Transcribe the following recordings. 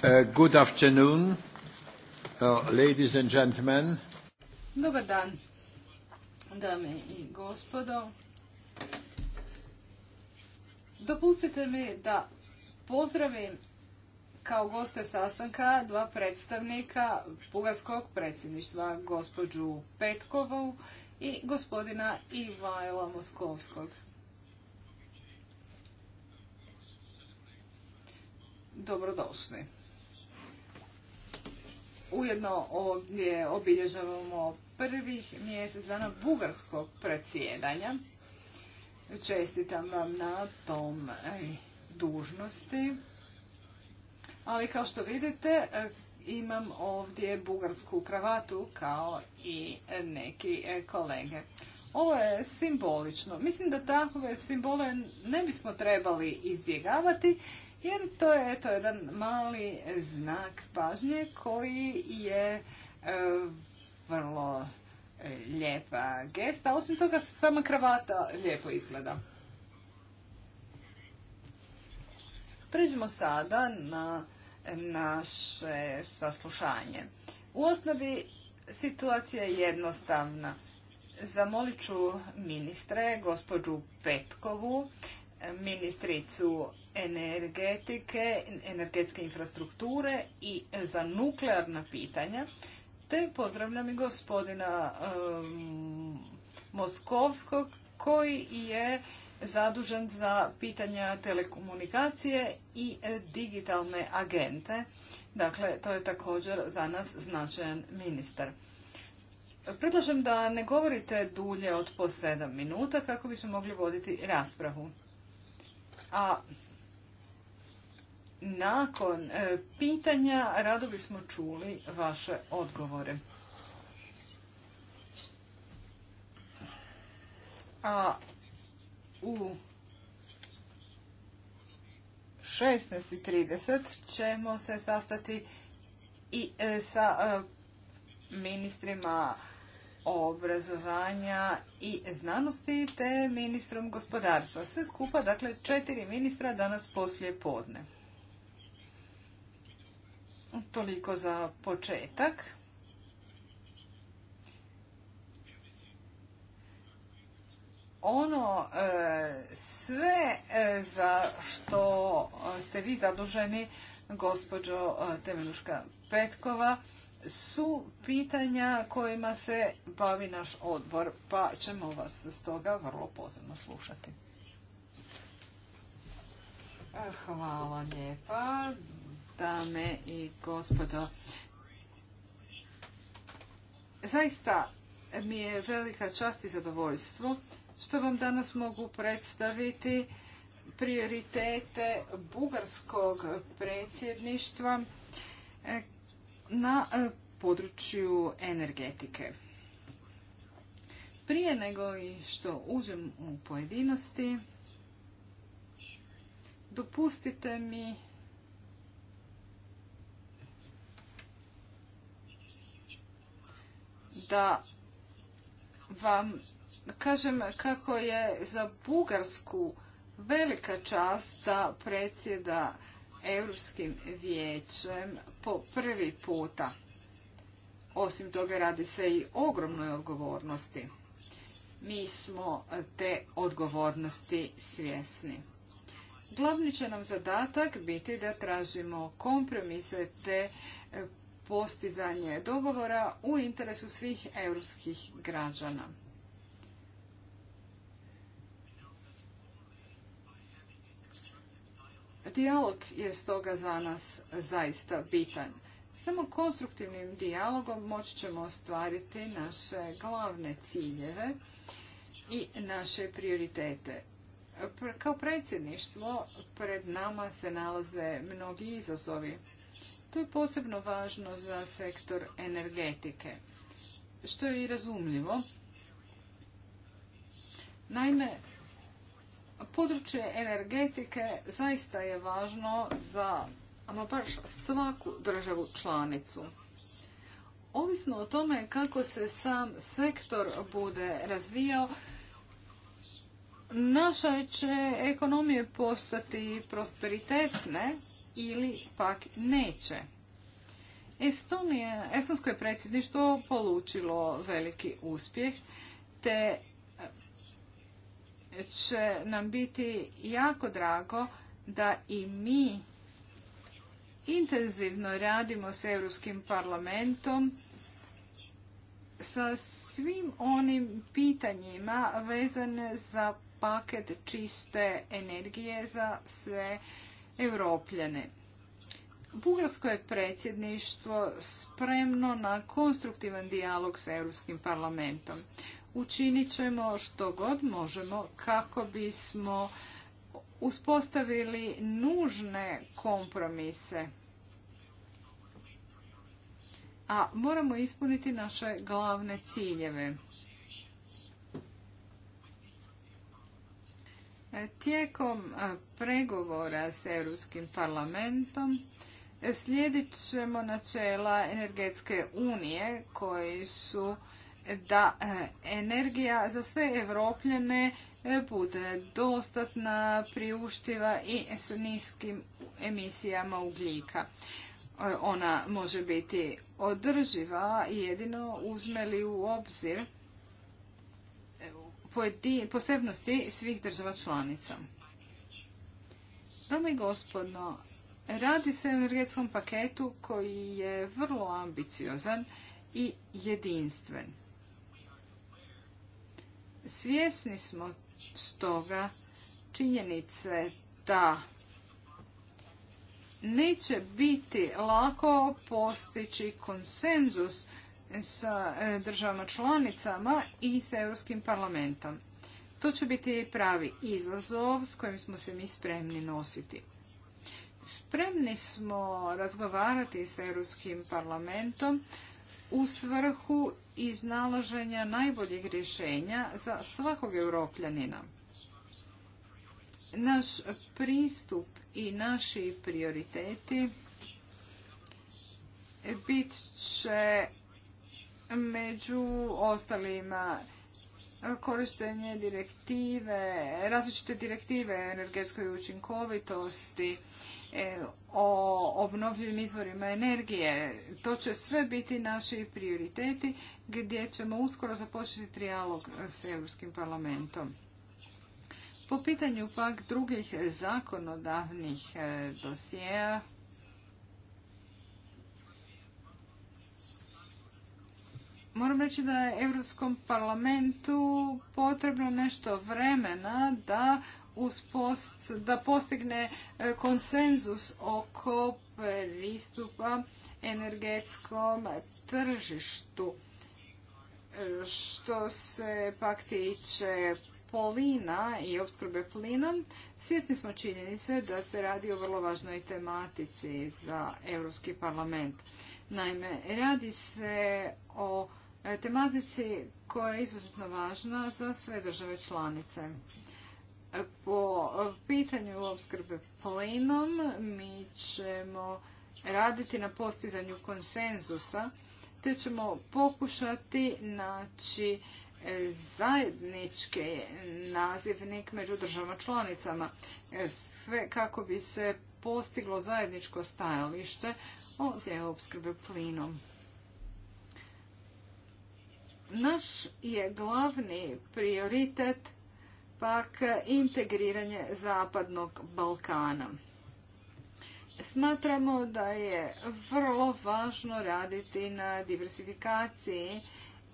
Uh, good afternoon, uh, ladies and gentlemen. Dobar dan, dame i gospodo. Dopustite mi da pozdravim kao goste sastanka dva predstavnika bugarskog predsjedništva, gospođu Petkovu i gospodina Ivajla Moskovskog. Dobrodošli. Ujedno ovdje obilježavamo prvih mjesec dana bugarskog predsjedanja. Čestitam vam na tom e, dužnosti. Ali kao što vidite, e, imam ovdje bugarsku kravatu kao i neki e, kolege. Ovo je simbolično. Mislim da takve simbole ne bismo trebali izbjegavati jer to je eto jedan mali znak pažnje koji je e, vrlo e, lijepa gesta. Osim toga, sama kravata lijepo izgleda. Pređemo sada na naše saslušanje. U osnovi situacija je jednostavna. Zamolit ću ministre, gospođu Petkovu, ministricu energetike, energetske infrastrukture i za nuklearna pitanja, te pozdravljam i gospodina Moskovskog koji je zadužen za pitanja telekomunikacije i digitalne agente. Dakle, to je također za nas značajan ministar. Predlažem da ne govorite dulje od po sedam minuta kako bismo mogli voditi raspravu. A nakon e, pitanja rado bismo čuli vaše odgovore. A u 16.30 ćemo se sastati i e, sa e, ministrima obrazovanja i znanosti te ministrom gospodarstva. Sve skupa, dakle, četiri ministra danas poslije podne. Toliko za početak. Ono e, sve e, za što ste vi zaduženi, gospođo e, Temeluška Petkova, su pitanja kojima se bavi naš odbor, pa ćemo vas stoga vrlo pozorno slušati. Hvala lijepa, dame i gospodo. Zaista mi je velika čast i zadovoljstvo što vam danas mogu predstaviti prioritete bugarskog predsjedništva na e, području energetike. Prije nego i što uđem u pojedinosti, dopustite mi da vam kažem kako je za Bugarsku velika čast da predsjeda Europskim vijećem po prvi puta. Osim toga radi se i ogromnoj odgovornosti. Mi smo te odgovornosti svjesni. Glavni će nam zadatak biti da tražimo kompromise te postizanje dogovora u interesu svih europskih građana. Dijalog je stoga za nas zaista bitan. Samo konstruktivnim dijalogom moći ćemo ostvariti naše glavne ciljeve i naše prioritete. Kao predsjedništvo pred nama se nalaze mnogi izazovi. To je posebno važno za sektor energetike, što je i razumljivo. Naime, Područje energetike zaista je važno za ama baš svaku državu članicu. Ovisno o tome kako se sam sektor bude razvijao, naša će ekonomije postati prosperitetne ili pak neće. Estonija, Estonsko je predsjedništvo polučilo veliki uspjeh, te će nam biti jako drago da i mi intenzivno radimo s Europskim parlamentom sa svim onim pitanjima vezane za paket čiste energije za sve europljane. Bugarsko je predsjedništvo spremno na konstruktivan dijalog s Europskim parlamentom učinit ćemo što god možemo kako bismo uspostavili nužne kompromise. A moramo ispuniti naše glavne ciljeve. Tijekom pregovora s Europskim parlamentom e, slijedit ćemo načela energetske unije koji su da e, energija za sve evropljene e, bude dostatna, priuštiva i s niskim emisijama ugljika. E, ona može biti održiva i jedino uzme li u obzir posebnosti svih država članica. Dame i gospodno, radi se o energetskom paketu koji je vrlo ambiciozan i jedinstven. Svjesni smo stoga činjenice da neće biti lako postići konsenzus sa e, državama članicama i sa Europskim parlamentom. To će biti pravi izazov s kojim smo se mi spremni nositi. Spremni smo razgovarati sa Europskim parlamentom u svrhu iznalaženja najboljih rješenja za svakog europljanina. Naš pristup i naši prioriteti bit će među ostalima korištenje direktive, različite direktive energetskoj učinkovitosti, E, o obnovljivim izvorima energije. To će sve biti naši prioriteti gdje ćemo uskoro započeti trijalog s Europskim parlamentom. Po pitanju pak drugih zakonodavnih e, dosijeja, Moram reći da je Europskom parlamentu potrebno nešto vremena da da postigne e, konsenzus oko pristupa energetskom tržištu. E, što se pak tiče plina i opskrbe plinom, svjesni smo činjenice da se radi o vrlo važnoj tematici za Europski parlament. Naime, radi se o e, tematici koja je izuzetno važna za sve države članice. Po pitanju opskrbe plinom mi ćemo raditi na postizanju konsenzusa te ćemo pokušati naći e, zajednički nazivnik među državama članicama. E, sve kako bi se postiglo zajedničko stajalište o opskrbe plinom. Naš je glavni prioritet pak integriranje Zapadnog Balkana. Smatramo da je vrlo važno raditi na diversifikaciji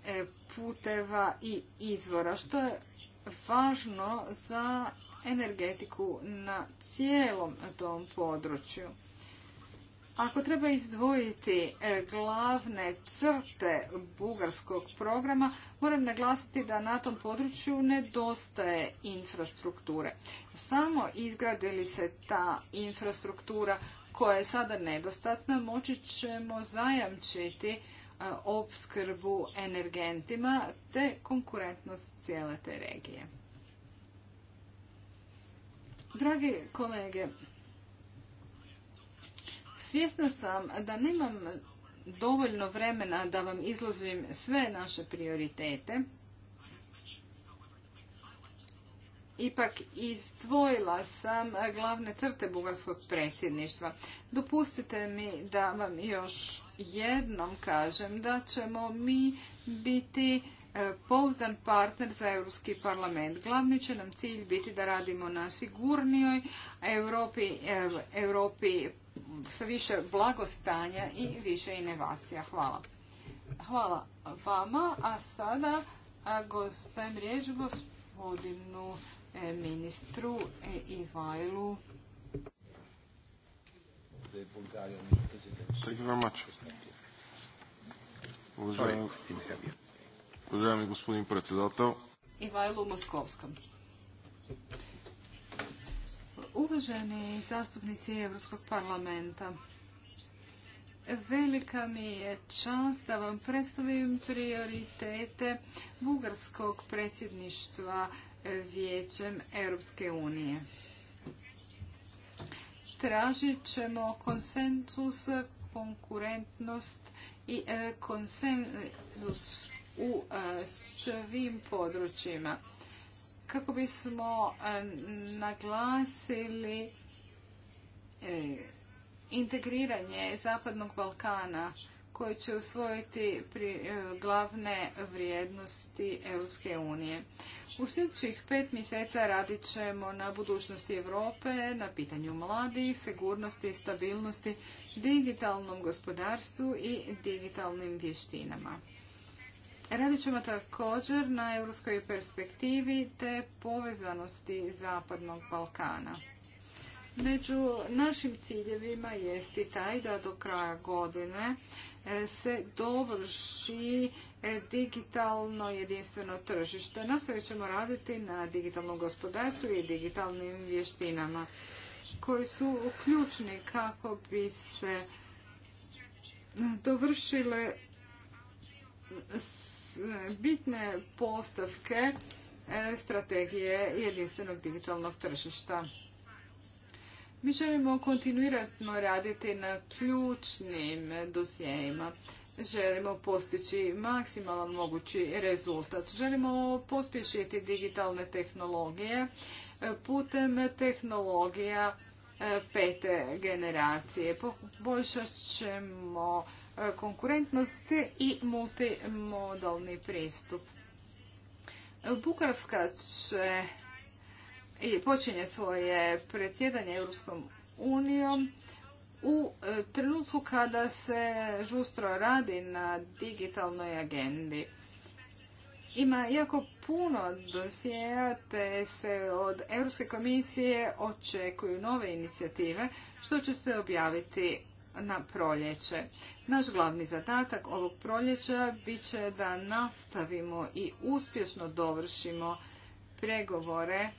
e, puteva i izvora, što je važno za energetiku na cijelom tom području. Ako treba izdvojiti e, glavne crte bugarskog programa, moram naglasiti da na tom području nedostaje infrastrukture. Samo izgradili se ta infrastruktura koja je sada nedostatna, moći ćemo zajamčiti e, opskrbu energentima te konkurentnost cijele te regije. Dragi kolege, Svjesna sam da nemam dovoljno vremena da vam izložim sve naše prioritete. Ipak izdvojila sam glavne crte bugarskog predsjedništva. Dopustite mi da vam još jednom kažem da ćemo mi biti e, pouzdan partner za Europski parlament. Glavni će nam cilj biti da radimo na sigurnijoj Europi, e, Europi sa više blagostanja i više inovacija. Hvala. Hvala vama, a sada gostajem riječ gospodinu e, ministru e, Ivajlu. Thank Moskovskom. Uvaženi zastupnici Europskog parlamenta, velika mi je čast da vam predstavim prioritete bugarskog predsjedništva Vijećem Europske unije. Tražit ćemo konsensus, konkurentnost i eh, konsenzus u eh, svim područjima kako bismo e, naglasili e, integriranje Zapadnog Balkana koji će usvojiti e, glavne vrijednosti Europske unije. U sljedećih pet mjeseca radit ćemo na budućnosti Europe, na pitanju mladih, sigurnosti i stabilnosti, digitalnom gospodarstvu i digitalnim vještinama. Radit ćemo također na europskoj perspektivi te povezanosti Zapadnog Balkana. Među našim ciljevima jest i taj da do kraja godine e, se dovrši e, digitalno jedinstveno tržište. Nastavit ćemo raditi na digitalnom gospodarstvu i digitalnim vještinama koji su ključni kako bi se dovršile bitne postavke e, strategije jedinstvenog digitalnog tržišta. Mi želimo kontinuirano raditi na ključnim dosjejima. Želimo postići maksimalan mogući rezultat. Želimo pospješiti digitalne tehnologije e, putem tehnologija e, pete generacije. Poboljšat ćemo E, konkurentnosti i multimodalni pristup. Bukarska će i počinje svoje predsjedanje Europskom unijom u e, trenutku kada se žustro radi na digitalnoj agendi. Ima jako puno dosijeja te se od Europske komisije očekuju nove inicijative što će se objaviti na proljeće. Naš glavni zadatak ovog proljeća bit će da nastavimo i uspješno dovršimo pregovore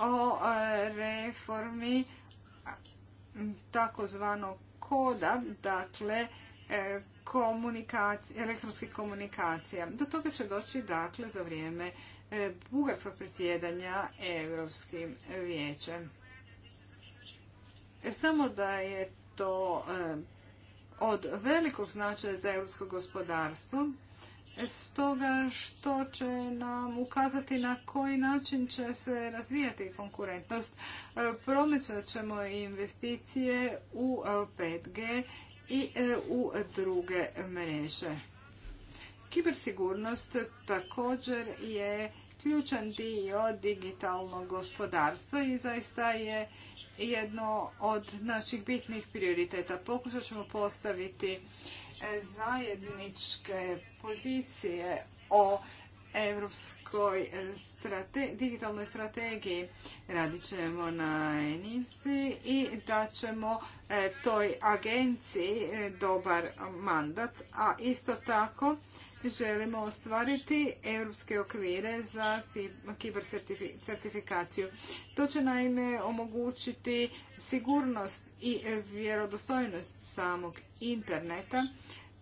o e, reformi tzv. koda, dakle e, elektronskih komunikacija. Do toga će doći dakle za vrijeme e, bugarskog predsjedanja Europskim vijećem. E, samo da je to e, od velikog značaja za europsko gospodarstvo, e, stoga što će nam ukazati na koji način će se razvijati konkurentnost. Promećat ćemo investicije u 5G i u druge mreže. Kibersigurnost također je ključan dio digitalnog gospodarstva i zaista je jedno od naših bitnih prioriteta. Pokušat ćemo postaviti e, zajedničke pozicije o evropskoj eh, digitalnoj strategiji. Radit ćemo na ENISI i daćemo eh, toj agenciji eh, dobar mandat, a isto tako želimo ostvariti europske okvire za kiber certifikaciju. To će naime omogućiti sigurnost i vjerodostojnost samog interneta,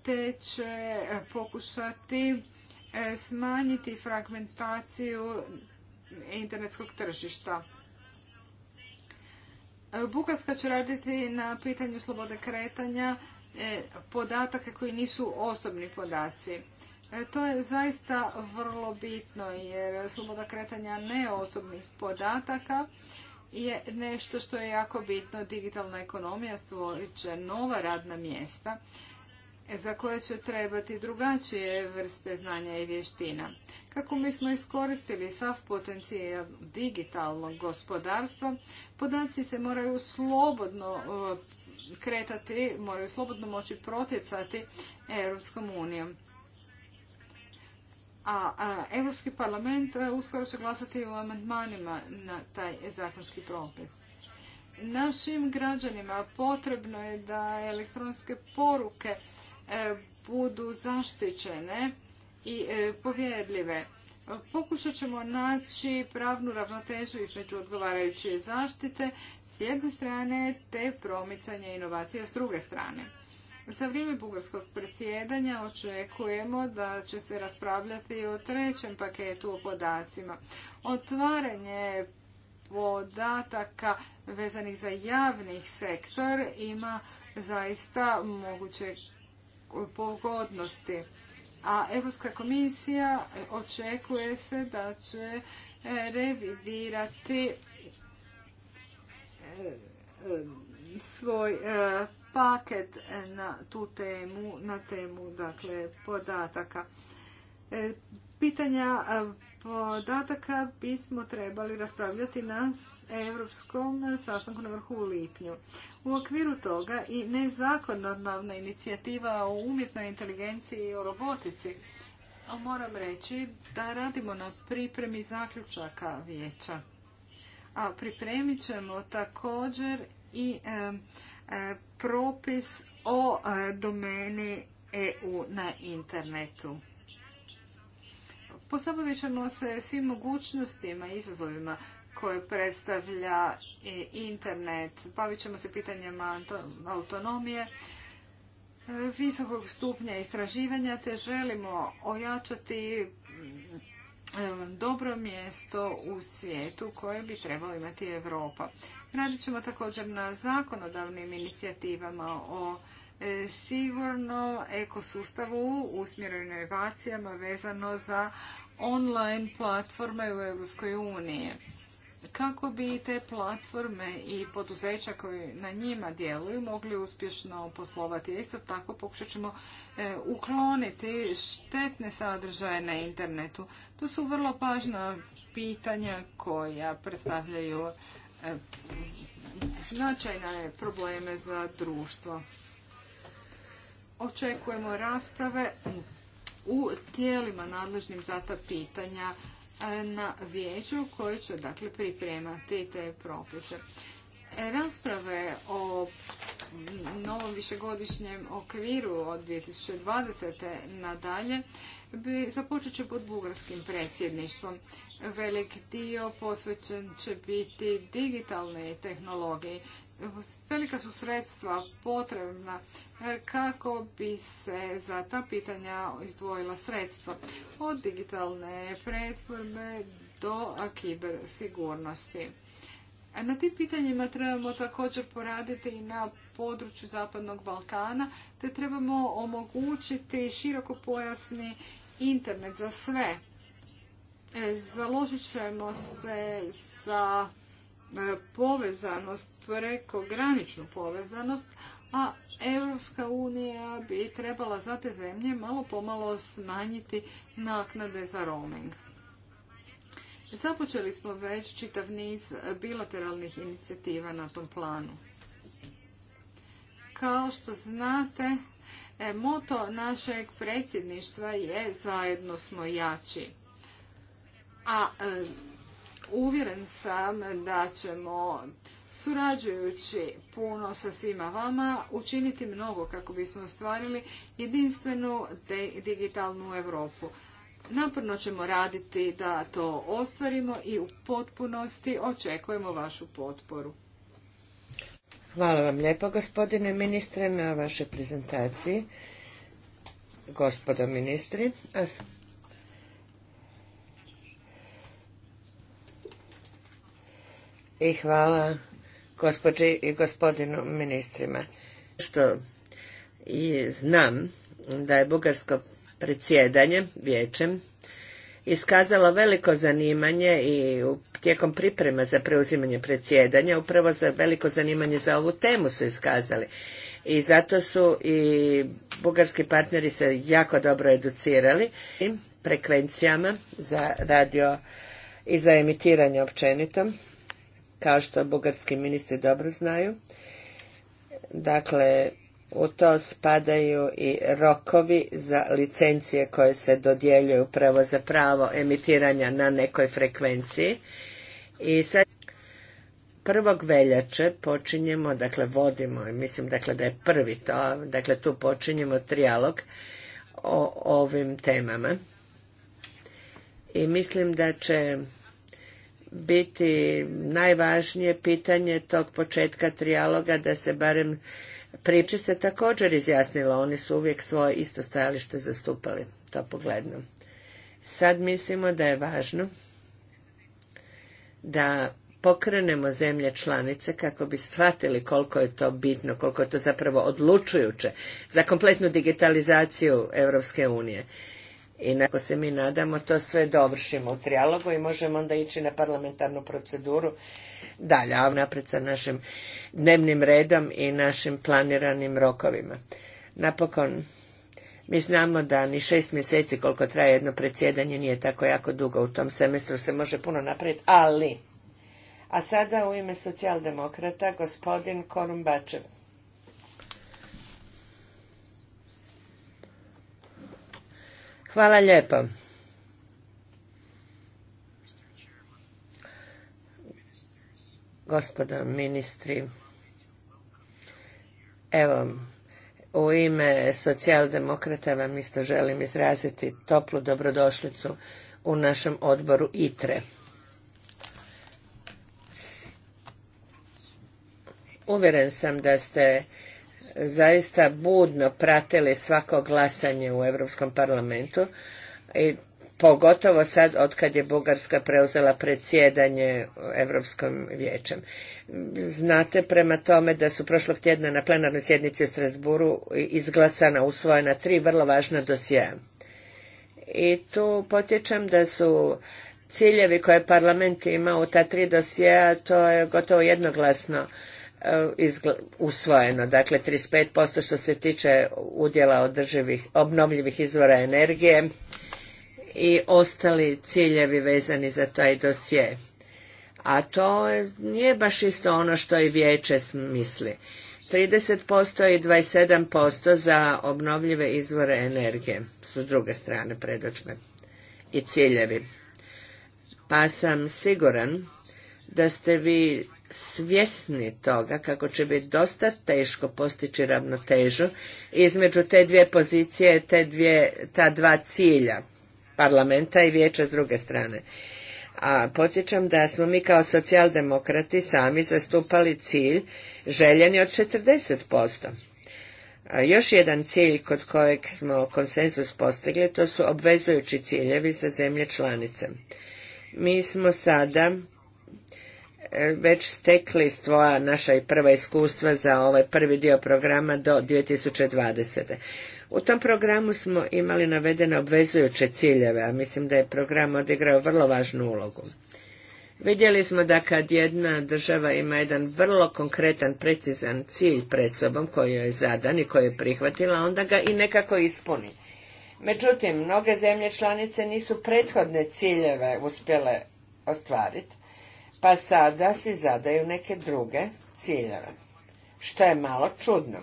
te će pokušati E, smanjiti fragmentaciju internetskog tržišta. E, Bugarska će raditi na pitanju slobode kretanja e, podataka koji nisu osobni podaci. To je zaista vrlo bitno jer sloboda kretanja neosobnih podataka je nešto što je jako bitno. Digitalna ekonomija stvorit će nova radna mjesta E, za koje će trebati drugačije vrste znanja i vještina. Kako mi smo iskoristili sav potencijal digitalnog gospodarstva, podaci se moraju slobodno kretati, moraju slobodno moći protjecati Europskom unijom. A, a Europski parlament e, uskoro će glasati o amandmanima na taj zakonski propis. Našim građanima potrebno je da elektronske poruke E, budu zaštićene i e, povjerljive. Pokušat ćemo naći pravnu ravnotežu između odgovarajuće zaštite s jedne strane te promicanje inovacija s druge strane. Za vrijeme bugarskog predsjedanja očekujemo da će se raspravljati o trećem paketu o podacima. Otvaranje podataka vezanih za javnih sektor ima zaista moguće pogodnosti. A Europska komisija očekuje se da će e, revidirati e, svoj e, paket na tu temu, na temu dakle podataka pitanja podataka bismo trebali raspravljati na europskom sastanku na vrhu u lipnju. U okviru toga i nezakonodavna inicijativa o umjetnoj inteligenciji i o robotici moram reći da radimo na pripremi zaključaka vijeća. A pripremit ćemo također i e, e, propis o e, domeni EU na internetu. Pozabavit ćemo se svim mogućnostima i izazovima koje predstavlja e, internet. Bavit ćemo se pitanjima autonomije, e, visokog stupnja istraživanja, te želimo ojačati e, dobro mjesto u svijetu koje bi trebalo imati Europa. Radit ćemo također na zakonodavnim inicijativama o sigurnom ekosustavu usmjerenim inovacijama vezano za online platforme u Europskoj uniji. Kako bi te platforme i poduzeća koji na njima djeluju mogli uspješno poslovati? Isto tako pokušat ćemo e, ukloniti štetne sadržaje na internetu. To su vrlo pažna pitanja koja predstavljaju e, značajne probleme za društvo. Očekujemo rasprave u tijelima nadležnim za ta pitanja e, na vijeću koje će dakle pripremati te propise. E, rasprave o novom višegodišnjem okviru od 2020. nadalje bi započet će pod bugarskim predsjedništvom. Velik dio posvećen će biti digitalnoj tehnologiji velika su sredstva potrebna e, kako bi se za ta pitanja izdvojila sredstva od digitalne pretvorbe do sigurnosti. E, na tim pitanjima trebamo također poraditi i na području Zapadnog Balkana, te trebamo omogućiti široko pojasni internet za sve. E, založit ćemo se za E, povezanost, preko graničnu povezanost, a Europska unija bi trebala za te zemlje malo pomalo smanjiti naknade za roaming. Započeli smo već čitav niz bilateralnih inicijativa na tom planu. Kao što znate, e, moto našeg predsjedništva je zajedno smo jači. A e, Uvjeren sam da ćemo surađujući puno sa svima vama učiniti mnogo kako bismo ostvarili jedinstvenu digitalnu Europu. Naporno ćemo raditi da to ostvarimo i u potpunosti očekujemo vašu potporu. Hvala vam lijepo gospodine ministre na vašoj prezentaciji, gospodo ministri. i hvala gospođi i gospodinu ministrima. Što i znam da je bugarsko predsjedanje vijećem iskazalo veliko zanimanje i tijekom priprema za preuzimanje predsjedanja upravo za veliko zanimanje za ovu temu su iskazali i zato su i bugarski partneri se jako dobro educirali frekvencijama za radio i za emitiranje općenito kao što bugarski ministri dobro znaju. Dakle, u to spadaju i rokovi za licencije koje se dodjeljuju upravo za pravo emitiranja na nekoj frekvenciji. I sad 1. veljače počinjemo, dakle vodimo, mislim dakle da je prvi to, dakle tu počinjemo trijalog o ovim temama. I mislim da će biti najvažnije pitanje tog početka trijaloga da se barem priče se također izjasnila. Oni su uvijek svoje isto stajalište zastupali to pogledno. Sad mislimo da je važno da pokrenemo zemlje članice kako bi shvatili koliko je to bitno, koliko je to zapravo odlučujuće za kompletnu digitalizaciju Europske unije. I nako se mi nadamo to sve dovršimo u trijalogu i možemo onda ići na parlamentarnu proceduru dalje, a naprijed sa našim dnevnim redom i našim planiranim rokovima. Napokon, mi znamo da ni šest mjeseci koliko traje jedno predsjedanje nije tako jako dugo, u tom semestru se može puno napraviti, ali... A sada u ime socijaldemokrata gospodin Korumbačev. Hvala lijepo. Gospodo ministri, evo, u ime socijaldemokrata vam isto želim izraziti toplu dobrodošlicu u našem odboru ITRE. Uvjeren sam da ste zaista budno pratili svako glasanje u Europskom parlamentu i pogotovo sad od kad je Bugarska preuzela predsjedanje Europskom vijećem. Znate prema tome da su prošlog tjedna na plenarnoj sjednici u Strasburu izglasana, usvojena tri vrlo važna dosjeja. I tu podsjećam da su ciljevi koje parlament ima u ta tri dosjea, to je gotovo jednoglasno E, usvojeno, dakle 35% što se tiče udjela održivih, obnovljivih izvora energije i ostali ciljevi vezani za taj dosje. A to nije baš isto ono što i vijeće misli. 30% i 27% za obnovljive izvore energije su s druge strane predočne i ciljevi. Pa sam siguran da ste vi svjesni toga kako će biti dosta teško postići ravnotežu između te dvije pozicije, te ta dva cilja parlamenta i vijeća s druge strane. A podsjećam da smo mi kao socijaldemokrati sami zastupali cilj željeni od 40%. A još jedan cilj kod kojeg smo konsenzus postigli, to su obvezujući ciljevi za zemlje članice. Mi smo sada već stekli svoja naša i prva iskustva za ovaj prvi dio programa do 2020. U tom programu smo imali navedene obvezujuće ciljeve, a mislim da je program odigrao vrlo važnu ulogu. Vidjeli smo da kad jedna država ima jedan vrlo konkretan, precizan cilj pred sobom koji joj je zadan i koji je prihvatila, onda ga i nekako ispuni. Međutim, mnoge zemlje članice nisu prethodne ciljeve uspjele ostvariti pa sada si zadaju neke druge ciljeve, što je malo čudno.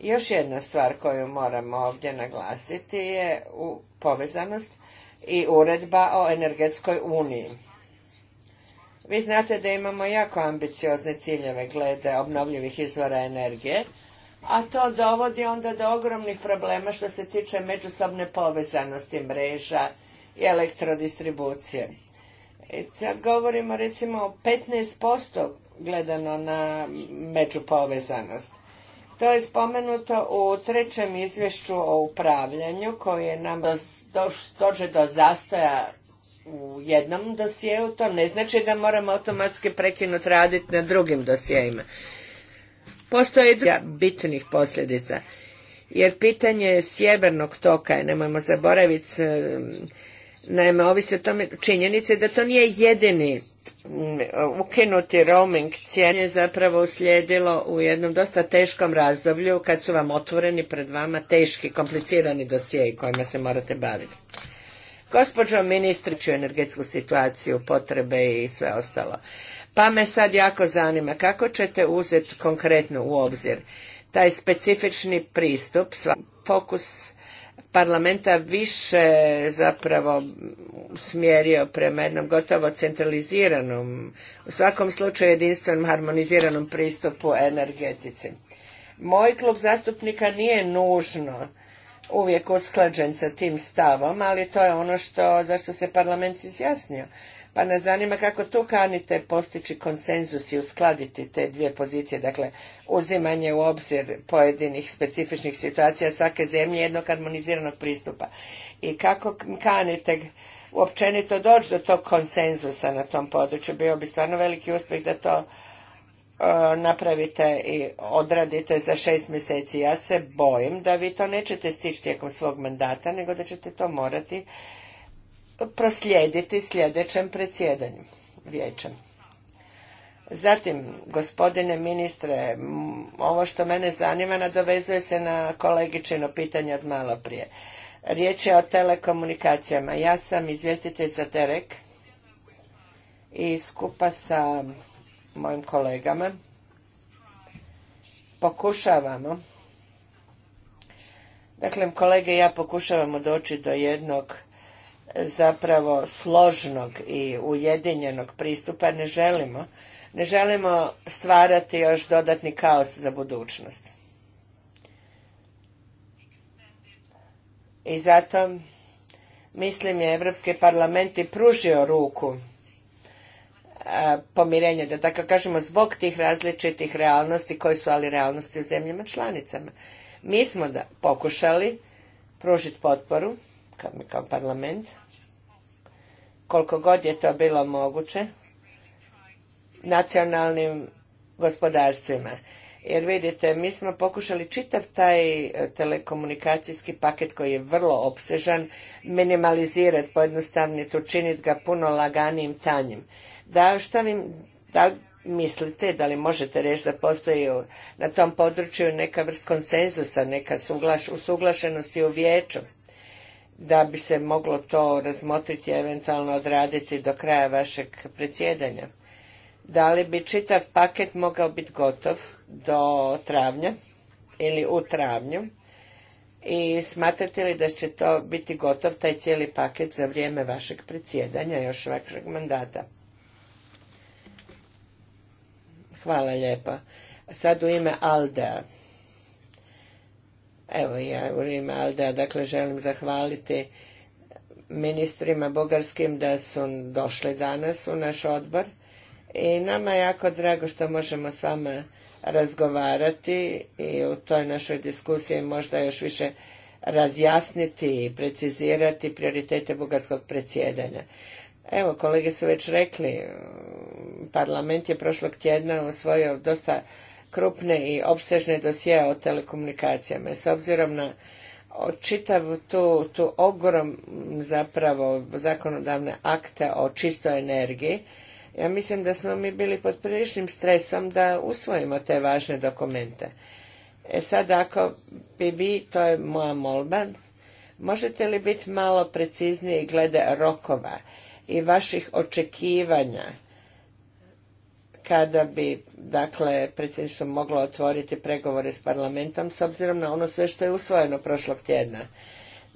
Još jedna stvar koju moramo ovdje naglasiti je povezanost i uredba o energetskoj uniji. Vi znate da imamo jako ambiciozne ciljeve glede obnovljivih izvora energije, a to dovodi onda do ogromnih problema što se tiče međusobne povezanosti mreža i elektrodistribucije. E, sad govorimo recimo o 15% gledano na međupovezanost. To je spomenuto u trećem izvješću o upravljanju koje nam dođe do zastoja u jednom dosjeu. To ne znači da moramo automatski prekinuti raditi na drugim dosjeima. Postoje druga bitnih posljedica. Jer pitanje sjevernog toka je, nemojmo zaboraviti, Naime, ovisi o tome činjenice da to nije jedini ukinuti roaming cijene zapravo uslijedilo u jednom dosta teškom razdoblju kad su vam otvoreni pred vama teški, komplicirani dosjei kojima se morate baviti. Gospođo ministriću energetsku situaciju, potrebe i sve ostalo. Pa me sad jako zanima kako ćete uzeti konkretno u obzir taj specifični pristup, fokus parlamenta više zapravo smjerio prema jednom gotovo centraliziranom, u svakom slučaju jedinstvenom harmoniziranom pristupu energetici. Moj klub zastupnika nije nužno uvijek usklađen sa tim stavom, ali to je ono što, zašto se parlament izjasnio pa nas zanima kako tu kanite postići konsenzus i uskladiti te dvije pozicije, dakle uzimanje u obzir pojedinih specifičnih situacija svake zemlje jednog harmoniziranog pristupa i kako kanite uopćenito doći do tog konsenzusa na tom području. Bio bi stvarno veliki uspjeh da to e, napravite i odradite za šest mjeseci. Ja se bojim da vi to nećete stići tijekom svog mandata, nego da ćete to morati proslijediti sljedećem predsjedanju vijećem. Zatim, gospodine ministre, ovo što mene zanima nadovezuje se na kolegičino pitanje od malo prije. Riječ je o telekomunikacijama. Ja sam izvjestitelj za Terek i skupa sa mojim kolegama pokušavamo, dakle kolege i ja pokušavamo doći do jednog zapravo složnog i ujedinjenog pristupa ne želimo. Ne želimo stvarati još dodatni kaos za budućnost. I zato mislim je Evropski parlament i pružio ruku pomirenja, da tako kažemo, zbog tih različitih realnosti koje su ali realnosti u zemljama članicama. Mi smo da pokušali pružiti potporu kao parlament koliko god je to bilo moguće, nacionalnim gospodarstvima. Jer vidite, mi smo pokušali čitav taj e, telekomunikacijski paket koji je vrlo opsežan minimalizirati, pojednostavniti, učiniti ga puno laganijim, tanjim. Da, šta vi, da mislite, da li možete reći da postoji na tom području neka vrst konsenzusa, neka suglaš, u vijeću? da bi se moglo to razmotriti, eventualno odraditi do kraja vašeg predsjedanja. Da li bi čitav paket mogao biti gotov do travnja ili u travnju? I smatrate li da će to biti gotov, taj cijeli paket, za vrijeme vašeg predsjedanja, još vašeg mandata? Hvala lijepa. Sad u ime Aldea. Evo ja u ime Alda, dakle želim zahvaliti ministrima bugarskim da su došli danas u naš odbor i nama je jako drago što možemo s vama razgovarati i u toj našoj diskusiji možda još više razjasniti i precizirati prioritete bugarskog predsjedanja. Evo, kolege su već rekli, parlament je prošlog tjedna usvojio dosta krupne i opsežne dosije o telekomunikacijama. S obzirom na čitavu tu, tu ogrom zapravo zakonodavne akte o čistoj energiji, ja mislim da smo mi bili pod priličnim stresom da usvojimo te važne dokumente. E sad ako bi vi, to je moja molba, možete li biti malo precizniji glede rokova i vaših očekivanja kada bi dakle predsjedništvo moglo otvoriti pregovore s parlamentom s obzirom na ono sve što je usvojeno prošlog tjedna.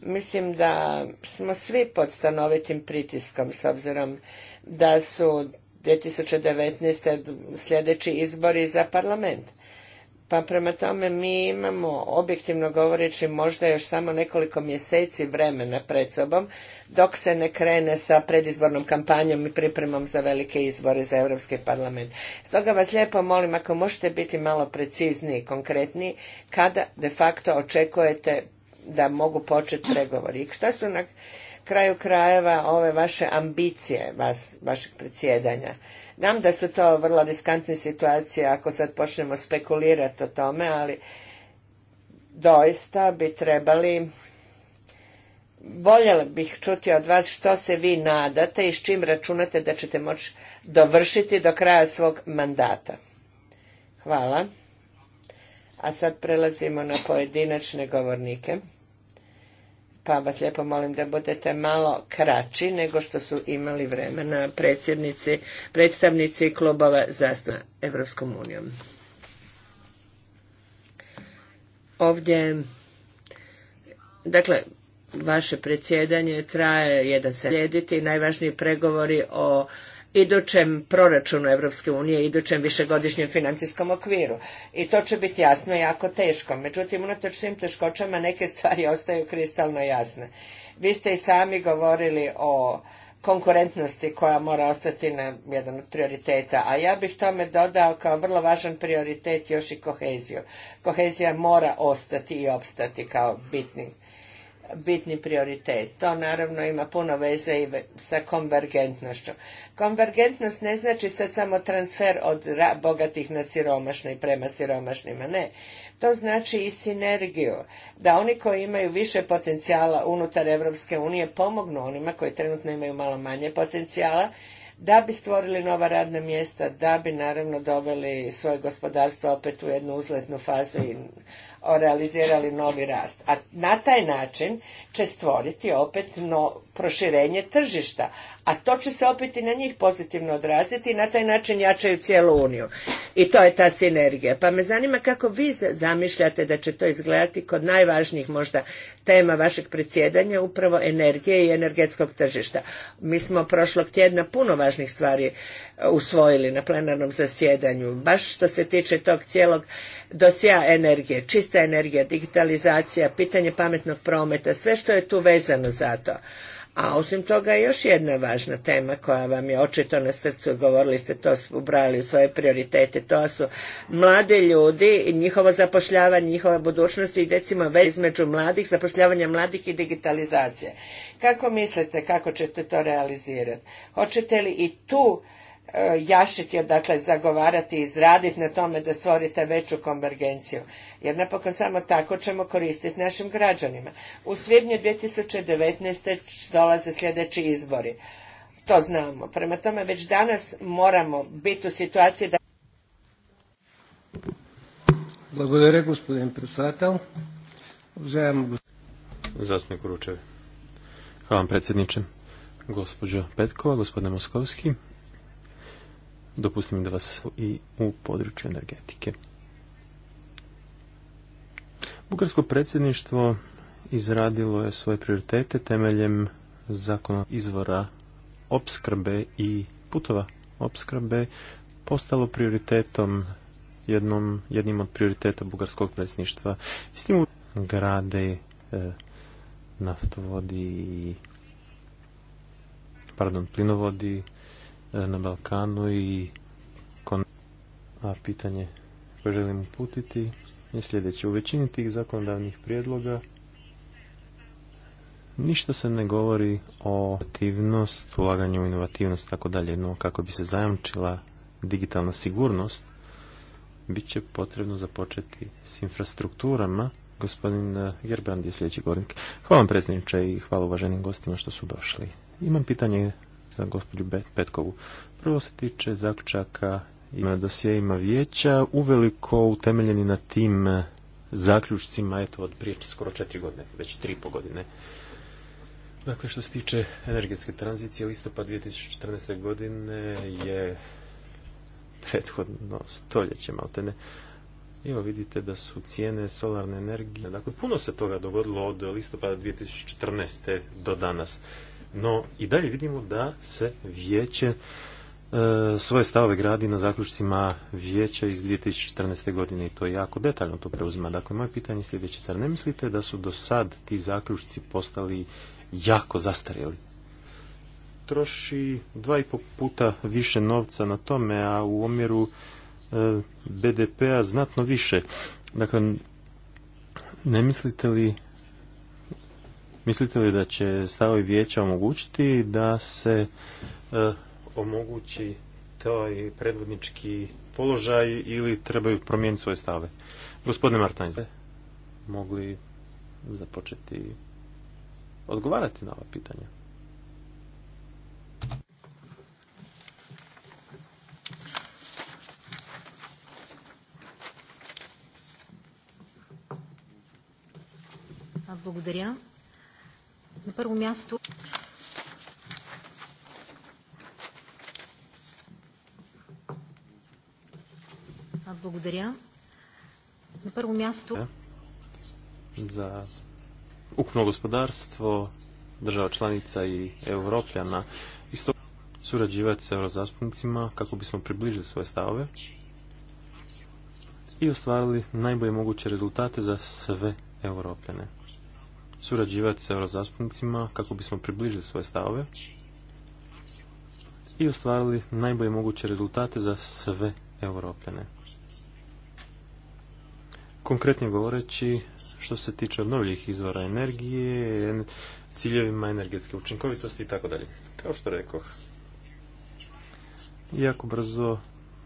Mislim da smo svi pod stanovitim pritiskom s obzirom da su 2019. sljedeći izbori za parlament. Pa prema tome mi imamo, objektivno govoreći, možda još samo nekoliko mjeseci vremena pred sobom, dok se ne krene sa predizbornom kampanjom i pripremom za velike izbore za Europski parlament. Stoga vas lijepo molim, ako možete biti malo precizniji i konkretniji, kada de facto očekujete da mogu početi pregovori. I šta su na kraju krajeva ove vaše ambicije, vas, vašeg predsjedanja? Znam da su to vrlo diskantne situacije ako sad počnemo spekulirati o tome, ali doista bi trebali voljela bih čuti od vas što se vi nadate i s čim računate da ćete moći dovršiti do kraja svog mandata. Hvala. A sad prelazimo na pojedinačne govornike pa vas lijepo molim da budete malo kraći nego što su imali vremena predsjednici, predstavnici klubova zasna Evropskom unijom. Ovdje, dakle, vaše predsjedanje traje jedan slijediti, najvažniji pregovori o idućem proračunu Europske unije, idućem višegodišnjem financijskom okviru. I to će biti jasno jako teško. Međutim, unatoč svim teškoćama neke stvari ostaju kristalno jasne. Vi ste i sami govorili o konkurentnosti koja mora ostati na jedan od prioriteta, a ja bih tome dodao kao vrlo važan prioritet još i koheziju. Kohezija mora ostati i opstati kao bitni bitni prioritet. To naravno ima puno veze i sa konvergentnošću. Konvergentnost ne znači sad samo transfer od bogatih na siromašne i prema siromašnima, ne. To znači i sinergiju, da oni koji imaju više potencijala unutar Europske unije pomognu onima koji trenutno imaju malo manje potencijala, da bi stvorili nova radna mjesta, da bi naravno doveli svoje gospodarstvo opet u jednu uzletnu fazu i realizirali novi rast. A na taj način će stvoriti opet no, proširenje tržišta, a to će se opet i na njih pozitivno odraziti i na taj način jačaju cijelu uniju. I to je ta sinergija. Pa me zanima kako vi zamišljate da će to izgledati kod najvažnijih možda tema vašeg predsjedanja, upravo energije i energetskog tržišta. Mi smo prošlog tjedna puno važnih stvari e, usvojili na plenarnom zasjedanju, baš što se tiče tog cijelog dosija energije, čist energija, digitalizacija, pitanje pametnog prometa, sve što je tu vezano za to. A osim toga je još jedna važna tema koja vam je očito na srcu, govorili ste to, ubrali u svoje prioritete, to su mlade ljudi i njihovo zapošljavanje, njihova budućnost i recimo već između mladih, zapošljavanja mladih i digitalizacije. Kako mislite kako ćete to realizirati? Hoćete li i tu E, jašiti, dakle zagovarati i izraditi na tome da stvorite veću konvergenciju. Jer napokon samo tako ćemo koristiti našim građanima. U svibnju 2019. dolaze sljedeći izbori. To znamo. Prema tome već danas moramo biti u situaciji da... Благодаря, господин председател. Уважаем... Zastupnik Ručev. Hvala vam predsjedniče. Gospođo Petkova, gospodine Moskovski dopustim da vas i u području energetike. Bugarsko predsjedništvo izradilo je svoje prioritete temeljem zakona izvora opskrbe i putova opskrbe postalo prioritetom jednom, jednim od prioriteta bugarskog predsjedništva. S tim grade e, naftovodi i pardon, plinovodi E, na Balkanu i kon... a pitanje koje želim uputiti je sljedeće. U većini tih zakonodavnih prijedloga ništa se ne govori o aktivnost, ulaganju u inovativnost tako dalje, no kako bi se zajamčila digitalna sigurnost bit će potrebno započeti s infrastrukturama. Gospodin e, Gerbrand je sljedeći govornik. Hvala vam predsjedniče i hvala uvaženim gostima što su došli. Imam pitanje za gospođu Petkovu. Prvo se tiče zaključaka i ima vijeća, uveliko utemeljeni na tim eh, zaključcima, eto, od prije skoro četiri godine, već tri po godine. Dakle, što se tiče energetske tranzicije, listopad 2014. godine je prethodno stoljeće, maltene. Evo vidite da su cijene solarne energije. Dakle, puno se toga dogodilo od listopada 2014. do danas no i dalje vidimo da se vijeće e, svoje stavove gradi na zaključcima vijeća iz 2014. godine i to jako detaljno to preuzima. Dakle, moje pitanje je sljedeće. Zar ne mislite da su do sad ti zaključci postali jako zastarjeli? Troši dva i po puta više novca na tome, a u omjeru e, BDP-a znatno više. Dakle, ne mislite li Mislite li da će stavovi vijeća omogućiti da se e, omogući taj predvodnički položaj ili trebaju promijeniti svoje stave? Gospodine Martanić, mogli započeti odgovarati na ova pitanja? Благодаря. На първо място Na prvo mjestu za ukupno gospodarstvo država članica i europljana isto surađivati sa eurozastupnicima kako bismo približili svoje stavove i ostvarili najbolje moguće rezultate za sve europljane surađivati sa eurozastupnicima kako bismo približili svoje stavove i ostvarili najbolje moguće rezultate za sve europljane. Konkretnije govoreći, što se tiče obnovljivih izvora energije, ciljevima energetske učinkovitosti i tako dalje. Kao što rekoh, jako brzo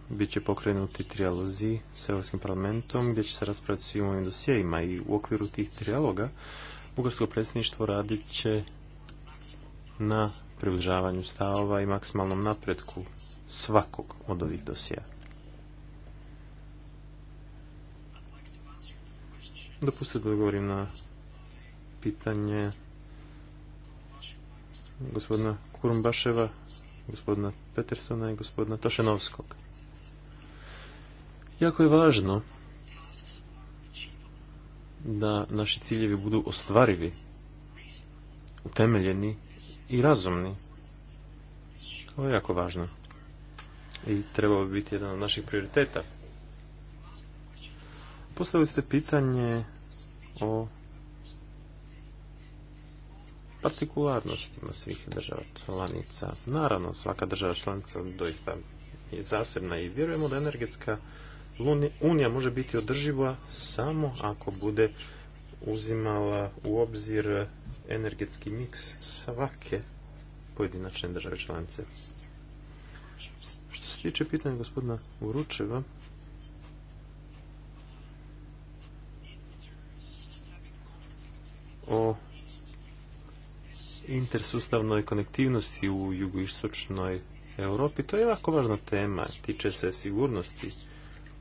bit će pokrenuti trijalozi s Europskim parlamentom gdje će se raspraviti svim ovim dosijajima i u okviru tih trijaloga Bugarsko predsjedništvo radit će na približavanju stavova i maksimalnom napretku svakog od ovih dosija. Dopustite da na pitanje gospodina Kurumbaševa, gospodina Petersona i gospodina Tošenovskog. Jako je važno da naši ciljevi budu ostvarivi, utemeljeni i razumni. Ovo je jako važno i trebao bi biti jedan od naših prioriteta. Postavili ste pitanje o partikularnostima svih država članica. Naravno, svaka država članica doista je zasebna i vjerujemo da energetska unija može biti održiva samo ako bude uzimala u obzir energetski miks svake pojedinačne države članice. Što se tiče pitanja gospodina Uručeva, o intersustavnoj konektivnosti u jugoistočnoj Europi, to je jako važna tema, tiče se sigurnosti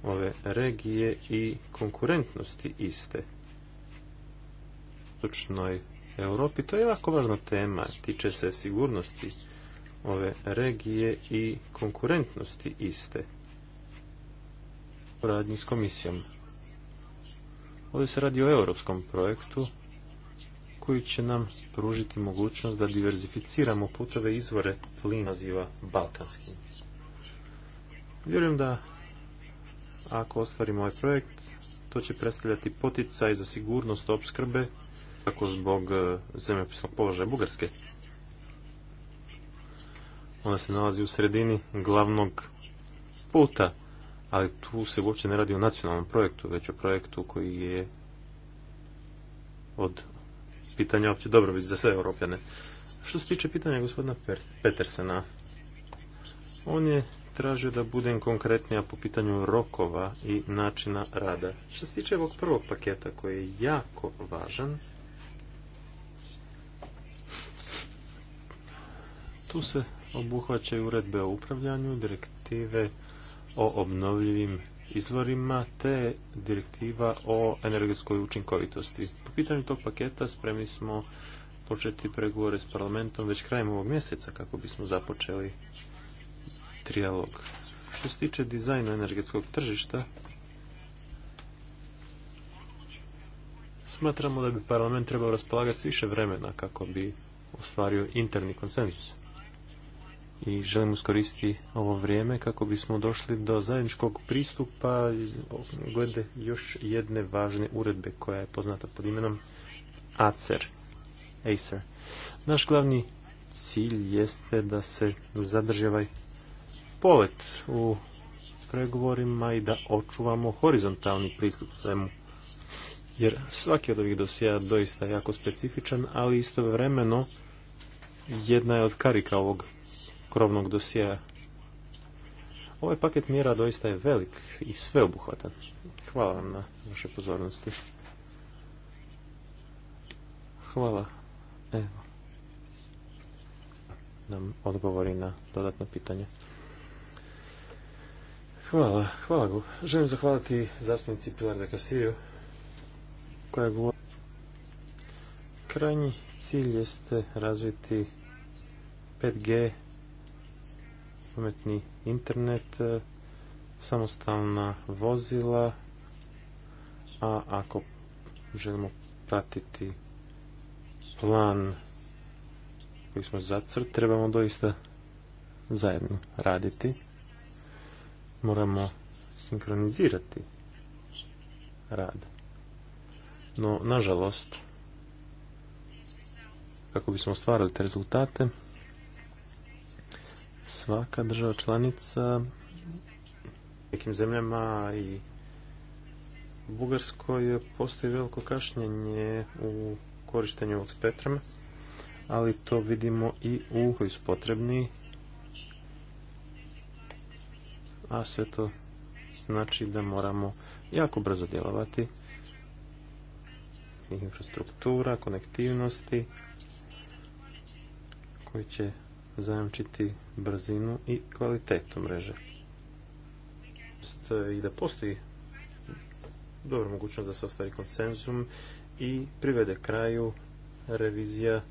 ove regije i konkurentnosti iste istočnoj Europi. To je jako važna tema, tiče se sigurnosti ove regije i konkurentnosti iste u radnji s komisijom. Ovdje se radi o europskom projektu koji će nam pružiti mogućnost da diverzificiramo putove izvore plina naziva balkanskim. Vjerujem da ako ostvarimo ovaj projekt, to će predstavljati poticaj za sigurnost opskrbe, tako zbog e, zemljopisnog položaja Bugarske. Ona se nalazi u sredini glavnog puta, ali tu se uopće ne radi o nacionalnom projektu, već o projektu koji je od pitanja opće dobrobit za sve Europjane. Što se tiče pitanja gospodina Petersena, on je tražio da budem konkretnija po pitanju rokova i načina rada. Što se tiče ovog prvog paketa koji je jako važan, tu se obuhvaćaju uredbe o upravljanju, direktive o obnovljivim izvorima te direktiva o energetskoj učinkovitosti. Po pitanju tog paketa spremni smo početi pregovore s parlamentom već krajem ovog mjeseca kako bismo započeli trijalog. Što se tiče dizajna energetskog tržišta, smatramo da bi parlament trebao raspolagati više vremena kako bi ostvario interni konsenzus. I želim iskoristiti ovo vrijeme kako bismo došli do zajedničkog pristupa glede još jedne važne uredbe koja je poznata pod imenom ACER. Acer. Naš glavni cilj jeste da se zadrži ovaj polet u pregovorima i da očuvamo horizontalni pristup svemu. Jer svaki od ovih dosija doista je jako specifičan, ali istovremeno jedna je od karika ovog krovnog dosija. Ovaj paket mjera doista je velik i sveobuhvatan. Hvala vam na vašoj pozornosti. Hvala. Evo. Nam odgovori na dodatno pitanje. Hvala, hvala go. Želim zahvaliti zastupnici Pilar de Castillo, koja je govorila. Krajnji cilj jeste razviti 5G, pametni internet, samostalna vozila, a ako želimo pratiti plan koji smo zacrt, trebamo doista zajedno raditi moramo sinkronizirati rad. No, nažalost, kako bismo ostvarili te rezultate, svaka država članica nekim zemljama i u Bugarskoj postoji veliko kašnjenje u korištenju ovog spektrama, ali to vidimo i u koji su potrebni a sve to znači da moramo jako brzo djelovati. Infrastruktura, konektivnosti koji će zajamčiti brzinu i kvalitetu mreže. I da postoji dobra mogućnost da se ostvari konsenzum i privede kraju revizija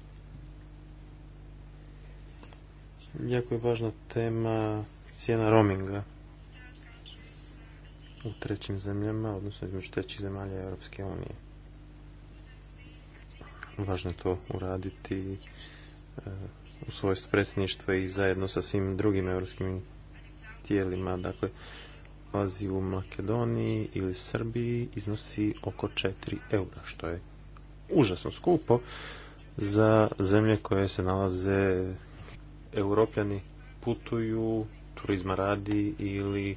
jako je važna tema cijena roaminga u trećim zemljama, odnosno između trećih zemalja Europske unije. Važno je to uraditi e, u svojstvu predsjedništva i zajedno sa svim drugim europskim tijelima, dakle ulazi u Makedoniji ili Srbiji iznosi oko 4 eura, što je užasno skupo za zemlje koje se nalaze europljani putuju, turizma radi ili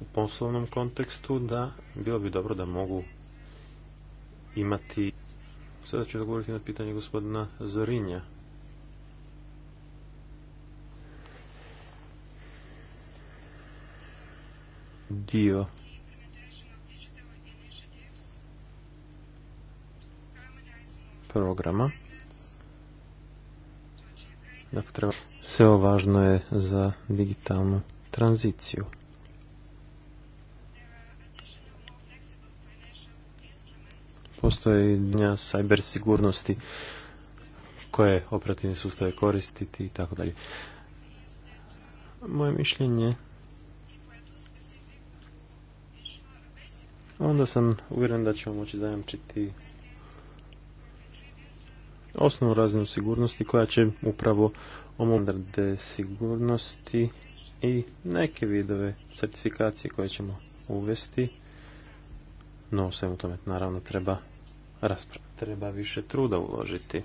u poslovnom kontekstu da bilo bi dobro da mogu imati sada ću odgovoriti na pitanje gospodina Zorinja dio programa dakle sve ovo važno je za digitalnu tranziciju postoji dnja cyber sigurnosti koje operativne sustave koristiti i tako dalje. Moje mišljenje onda sam uvjeren da ćemo moći zajamčiti osnovnu razinu sigurnosti koja će upravo de sigurnosti i neke vidove certifikacije koje ćemo uvesti no, u svemu tome naravno treba treba više truda uložiti.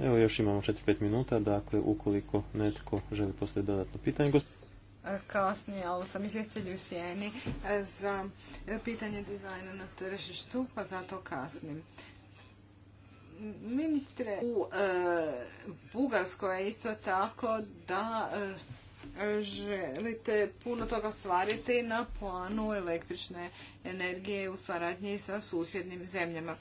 Evo još imamo 4-5 minuta, dakle ukoliko netko želi postaviti dodatno pitanje. E, kasnije, ali sam izvjestilj u sjeni e, za pitanje dizajna na tržištu, pa zato kasnim. Ministre, u e, Bugarskoj je isto tako da želite puno toga stvariti na planu električne energije u suradnji sa susjednim zemljama.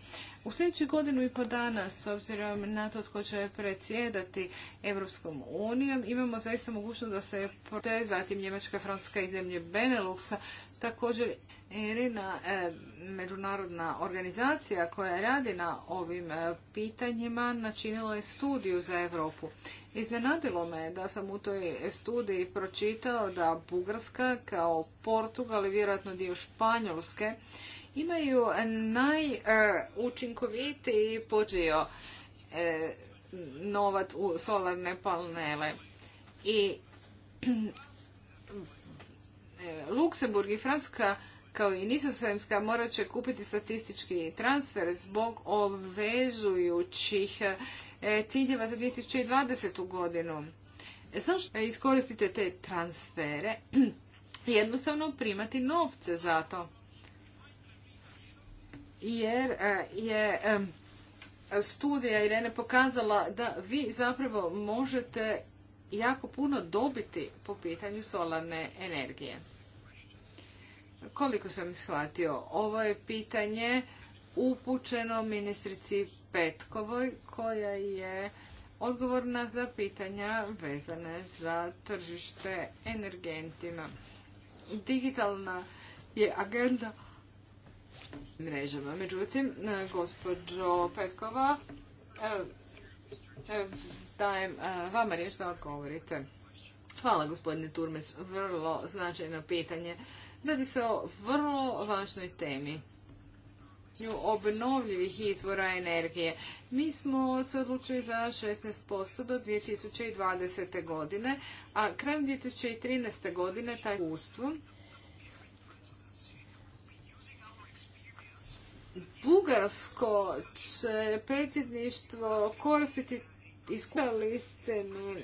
U sljedećih godinu i po dana, s obzirom na to tko će predsjedati Evropskom unijom, imamo zaista mogućnost da se proteze, zatim Njemačka, Francuska i zemlje Beneluxa Također, Irina, e, međunarodna organizacija koja radi na ovim e, pitanjima, načinila je studiju za Europu. Iznenadilo me da sam u toj studiji pročitao da Bugarska kao Portugal i vjerojatno dio Španjolske imaju najučinkovitiji pođeo e, novac u solarne panele. I E, Luksemburg i Francuska kao i Nisosemska, morat će kupiti statistički transfer zbog obvezujućih e, ciljeva za 2020. godinu. E, zašto iskoristite te transfere? Jednostavno primati novce za to. Jer je studija Irene pokazala da vi zapravo možete jako puno dobiti po pitanju solarne energije. Koliko sam shvatio, ovo je pitanje upućeno ministrici Petkovoj koja je odgovorna za pitanja vezane za tržište energentima. Digitalna je agenda mrežama. Međutim, gospođo Petkova, dajem e, vama riječ da Hvala gospodine Turmes, vrlo značajno pitanje. Radi se o vrlo važnoj temi obnovljivih izvora energije. Mi smo se odlučili za 16% do 2020. godine, a krajem 2013. godine taj iskustvo Bugarsko će predsjedništvo koristiti Iskali ste mi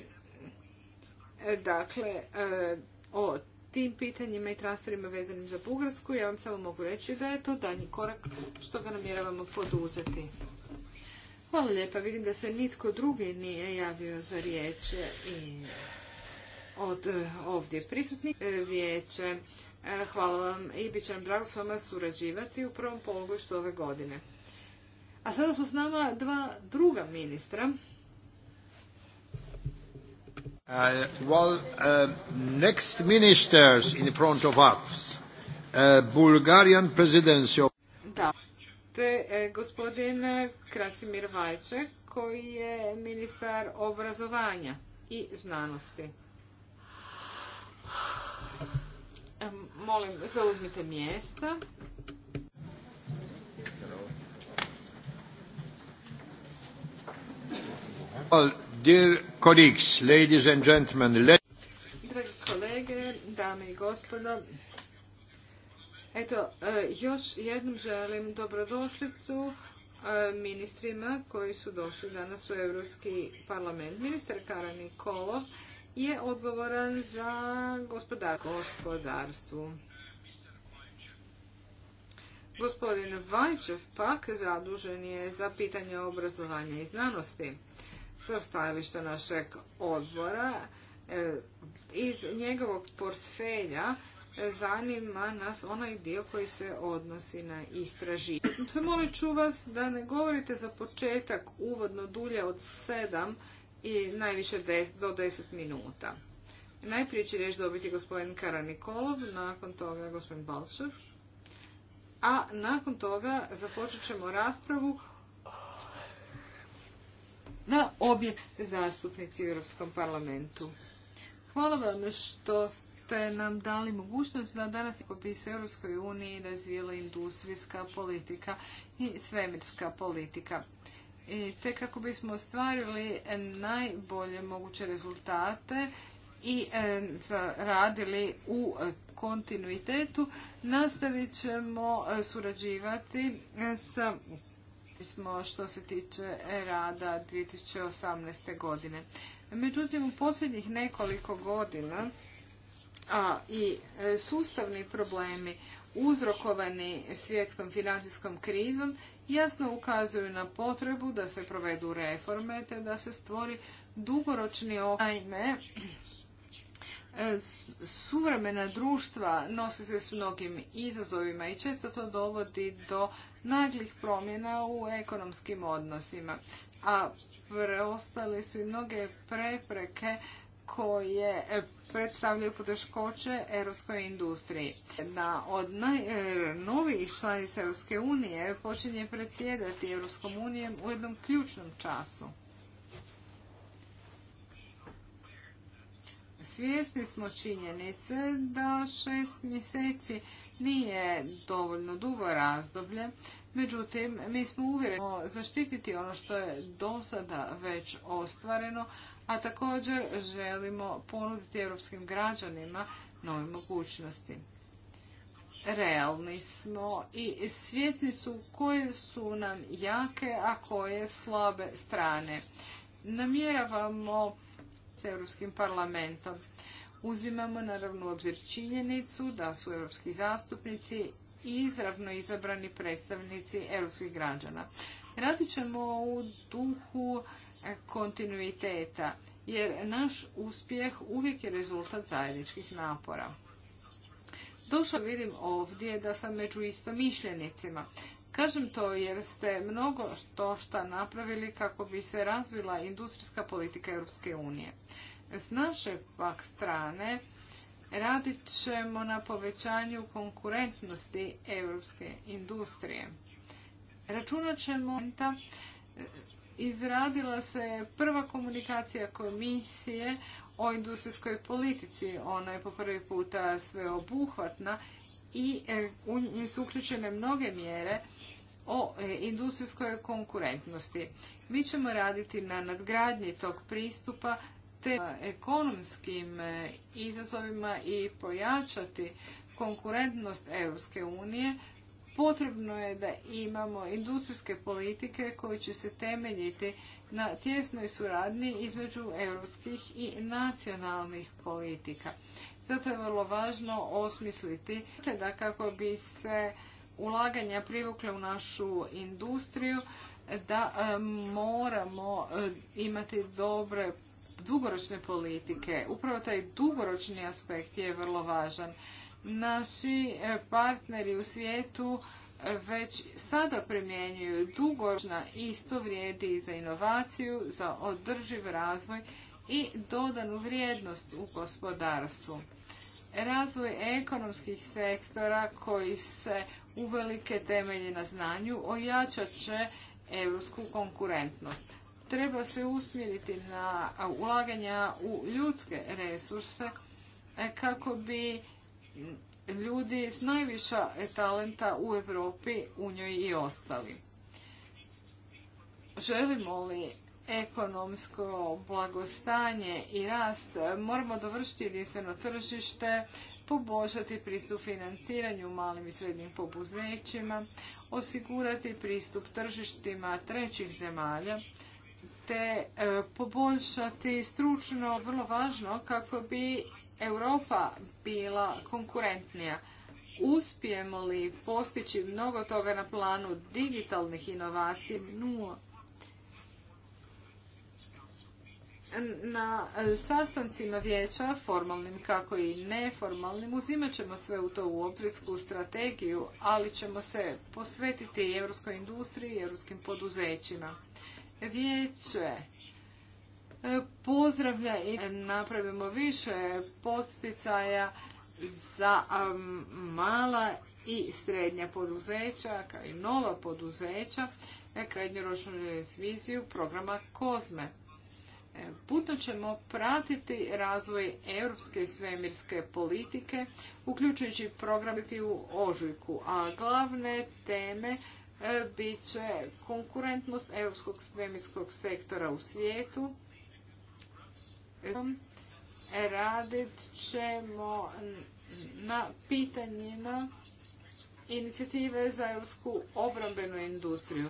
e, dakle e, o tim pitanjima i transferima vezanim za Bugarsku. Ja vam samo mogu reći da je to danji korak što ga namjeravamo poduzeti. Hvala lijepa. Vidim da se nitko drugi nije javio za riječ i od e, ovdje prisutnih vijeće. Hvala vam i bit će nam drago s vama surađivati u prvom što ove godine. A sada su s nama dva druga ministra Uh, well, uh, next ministers in front of us, uh, Bulgarian presidency. Da, te e, gospodin Krasimir Vajček koji je ministar obrazovanja i znanosti. Molim, zauzmite mjesta. Well, Dragi kolege, dame i gospodo, eto, e, još jednom želim dobrodošlicu e, ministrima koji su došli danas u Europski parlament. Ministar Kara Nikolov je odgovoran za gospodarstvu. Gospodin Vajčev pak zadužen je za pitanje obrazovanja i znanosti sa stajališta našeg odbora. E, iz njegovog portfelja e, zanima nas onaj dio koji se odnosi na istraživanje. Zamolit ću vas da ne govorite za početak uvodno dulje od 7 i najviše do 10 minuta. Najprije će riječ dobiti gospodin Nikolov, nakon toga gospodin Balčev. A nakon toga započet ćemo raspravu na obje zastupnici u Europskom parlamentu. Hvala vam što ste nam dali mogućnost da danas bi Europskoj uniji razvijela industrijska politika i svemirska politika. I te kako bismo ostvarili najbolje moguće rezultate i e, radili u kontinuitetu, nastavit ćemo e, surađivati e, sa smo što se tiče rada 2018. godine. Međutim, u posljednjih nekoliko godina a, i e, sustavni problemi uzrokovani svjetskom financijskom krizom jasno ukazuju na potrebu da se provedu reforme te da se stvori dugoročni okvir. E, suvremena društva nose se s mnogim izazovima i često to dovodi do naglih promjena u ekonomskim odnosima. A preostale su i mnoge prepreke koje e, predstavljaju poteškoće europskoj industriji. Jedna od najnovijih članica Europske unije počinje predsjedati Europskom unijem u jednom ključnom času. Svjesni smo činjenice da šest mjeseci nije dovoljno dugo razdoblje, međutim mi smo uvjereni zaštititi ono što je do sada već ostvareno, a također želimo ponuditi europskim građanima nove mogućnosti. Realni smo i svjesni su koje su nam jake, a koje slabe strane. Namjeravamo s Europskim parlamentom. Uzimamo naravno u obzir činjenicu da su europski zastupnici izravno izabrani predstavnici europskih građana. Radit ćemo u duhu kontinuiteta, jer naš uspjeh uvijek je rezultat zajedničkih napora. Došao vidim ovdje da sam među istomišljenicima. Kažem to jer ste mnogo što napravili kako bi se razvila industrijska politika Europske unije. S naše pak strane radit ćemo na povećanju konkurentnosti europske industrije. Računat ćemo izradila se prva komunikacija komisije o industrijskoj politici. Ona je po prvi puta sveobuhvatna i e, u su uključene mnoge mjere o e, industrijskoj konkurentnosti. Mi ćemo raditi na nadgradnji tog pristupa te ekonomskim e, izazovima i pojačati konkurentnost Europske unije, potrebno je da imamo industrijske politike koje će se temeljiti na tjesnoj suradnji između europskih i nacionalnih politika. Zato je vrlo važno osmisliti da kako bi se ulaganja privukle u našu industriju, da e, moramo e, imati dobre dugoročne politike. Upravo taj dugoročni aspekt je vrlo važan. Naši e, partneri u svijetu već sada primjenjuju dugoročna isto vrijedi za inovaciju, za održiv razvoj i dodanu vrijednost u gospodarstvu. Razvoj ekonomskih sektora koji se uvelike temelji na znanju ojačat će europsku konkurentnost. Treba se usmjeriti na ulaganja u ljudske resurse e, kako bi ljudi s najviša talenta u Europi u njoj i ostali. Želimo li ekonomsko blagostanje i rast, moramo dovršiti jedinstveno tržište, poboljšati pristup financiranju malim i srednjim poduzećima, osigurati pristup tržištima trećih zemalja, te e, poboljšati stručno vrlo važno kako bi Europa bila konkurentnija. Uspijemo li postići mnogo toga na planu digitalnih inovacija, nula na e, sastancima vijeća, formalnim kako i neformalnim, uzimat ćemo sve u to u obzirsku strategiju, ali ćemo se posvetiti i europskoj industriji i europskim poduzećima. Vijeće e, pozdravlja i napravimo više podsticaja za mala i srednja poduzeća, kao i nova poduzeća, krednjoročnu e, reviziju programa COSME Puno ćemo pratiti razvoj europske svemirske politike, uključujući programiti u ožujku, a glavne teme e, bit će konkurentnost europskog svemirskog sektora u svijetu. Radit ćemo na pitanjima inicijative za europsku obrambenu industriju.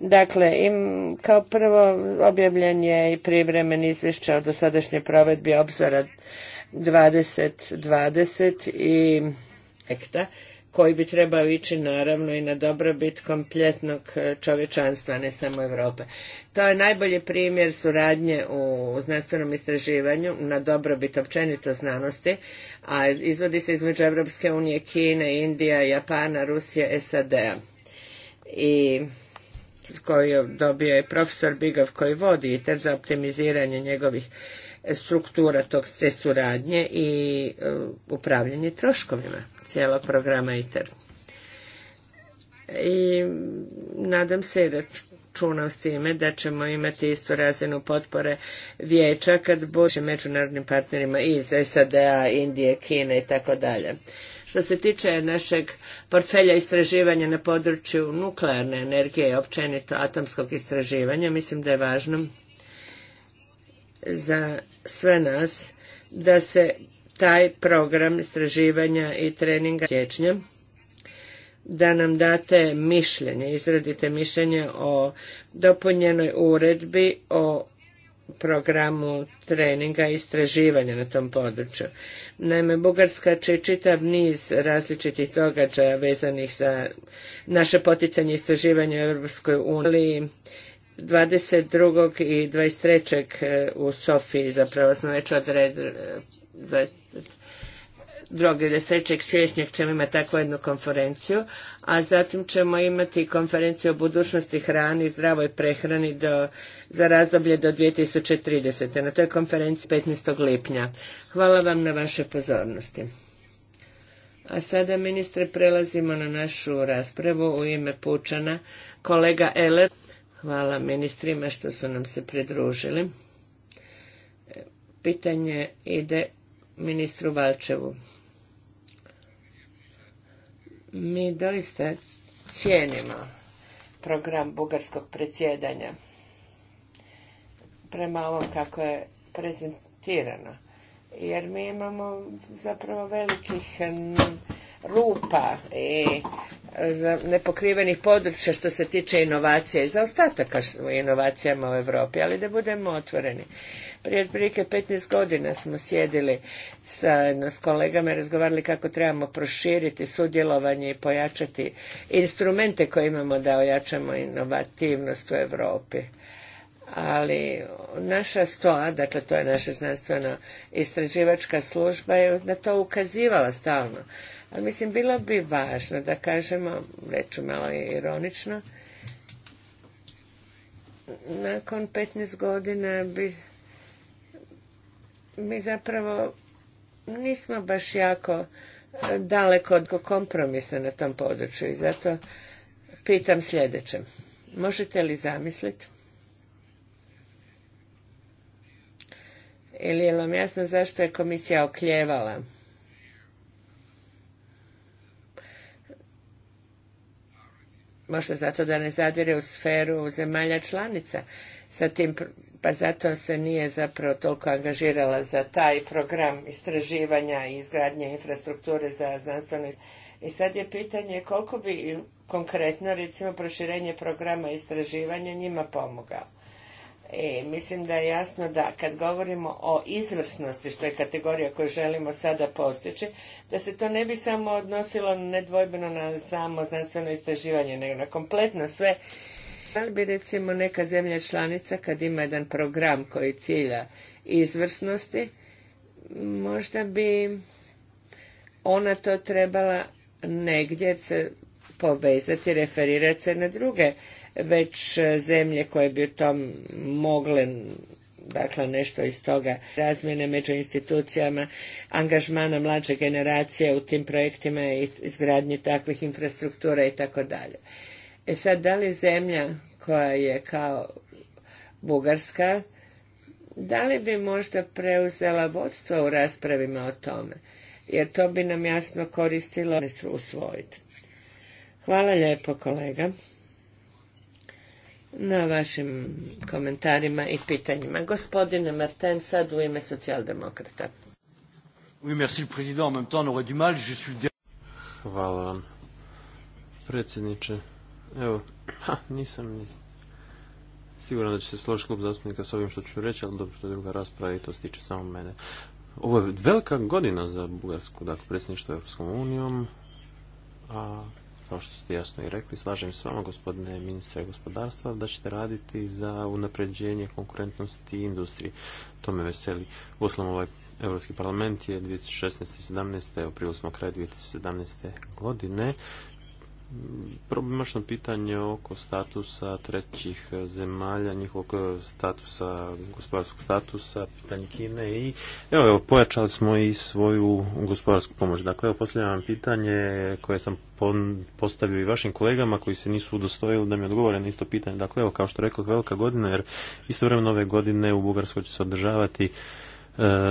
Dakle, im, kao prvo objavljen je i privremen izvješća o dosadašnjoj provedbi obzora 2020 i ekta koji bi trebao ići naravno i na dobrobit kompletnog e, čovječanstva, ne samo Europe. To je najbolji primjer suradnje u znanstvenom istraživanju na dobrobit općenito znanosti, a izvodi se između Europske unije, Kine, Indija, Japana, Rusije, SAD-a. I koji je dobio je profesor Bigov koji vodi ITER za optimiziranje njegovih struktura tog te suradnje i e, upravljanje troškovima cijelog programa ITER. I nadam se da čunam s time da ćemo imati istu razinu potpore vijeća kad bože međunarodnim partnerima iz sad Indije, Kine i tako dalje. Što se tiče našeg portfelja istraživanja na području nuklearne energije i općenito atomskog istraživanja, mislim da je važno za sve nas da se taj program istraživanja i treninga siječnja da nam date mišljenje, izradite mišljenje o dopunjenoj uredbi o programu treninga i istraživanja na tom području. Naime, Bugarska će čitav niz različitih događaja vezanih za naše poticanje istraživanja u Europskoj uniji. 22. i 23. Eh, u Sofiji zapravo smo već odredili eh, 2. ili 3. siječnja ćemo imati tako jednu konferenciju, a zatim ćemo imati konferenciju o budućnosti hrani, zdravoj prehrani za razdoblje do 2030. Na toj konferenciji 15. lipnja. Hvala vam na vaše pozornosti. A sada, ministre, prelazimo na našu raspravu u ime Pučana. Kolega Eler, hvala ministrima što su nam se pridružili. E, pitanje ide ministru Valčevu. Mi doista cijenimo program bugarskog predsjedanja prema ovom kako je prezentirano. Jer mi imamo zapravo velikih rupa i e, nepokrivenih područja što se tiče inovacija i zaostataka u inovacijama u Europi, ali da budemo otvoreni. Prije otprilike 15 godina smo sjedili sa, s kolegama i razgovarali kako trebamo proširiti sudjelovanje i pojačati instrumente koje imamo da ojačamo inovativnost u Europi ali naša stoa, dakle to je naša znanstvena istraživačka služba, je na to ukazivala stalno. A mislim, bilo bi važno da kažemo, reću malo ironično, nakon 15 godina bi mi zapravo nismo baš jako e, daleko od kompromisa na tom području i zato pitam sljedeće. Možete li zamisliti? Ili je vam jasno zašto je komisija okljevala? Možda zato da ne zadire u sferu zemalja članica sa tim pa zato se nije zapravo toliko angažirala za taj program istraživanja i izgradnje infrastrukture za znanstveno i sad je pitanje koliko bi konkretno recimo proširenje programa istraživanja njima pomogao. I e, mislim da je jasno da kad govorimo o izvrsnosti, što je kategorija koju želimo sada postići, da se to ne bi samo odnosilo nedvojbeno na samo znanstveno istraživanje, nego na kompletno sve da li bi recimo neka zemlja članica kad ima jedan program koji cilja izvrsnosti, možda bi ona to trebala negdje se povezati, referirati se na druge već zemlje koje bi u tom mogle dakle nešto iz toga razmjene među institucijama, angažmana mlađe generacije u tim projektima i izgradnji takvih infrastruktura i tako dalje. E sad, da li zemlja koja je kao Bugarska, da li bi možda preuzela vodstvo u raspravima o tome? Jer to bi nam jasno koristilo usvojiti. Hvala lijepo kolega na vašim komentarima i pitanjima. Gospodine Marten, sad u ime socijaldemokrata. Hvala vam, predsjedniče. Evo, ha, nisam siguran da će se složiti klub zastupnika s ovim što ću reći, ali dobro, to je druga rasprava i to se tiče samo mene. Ovo je velika godina za Bugarsku, dakle, predsjedništvo Europskom unijom, a kao što ste jasno i rekli, slažem s vama, gospodine ministre gospodarstva, da ćete raditi za unapređenje konkurentnosti i industrije. To me veseli. Uoslam ovaj Europski parlament je 2016. i 2017. evo smo kraj 2017. godine problemačno pitanje oko statusa trećih zemalja, njihovog statusa, gospodarskog statusa, pitanje Kine i evo, evo pojačali smo i svoju gospodarsku pomoć. Dakle, evo posljedno vam pitanje koje sam postavio i vašim kolegama koji se nisu udostojili da mi odgovore na isto pitanje. Dakle, evo kao što rekao, velika godina jer istovremeno ove godine u Bugarskoj će se održavati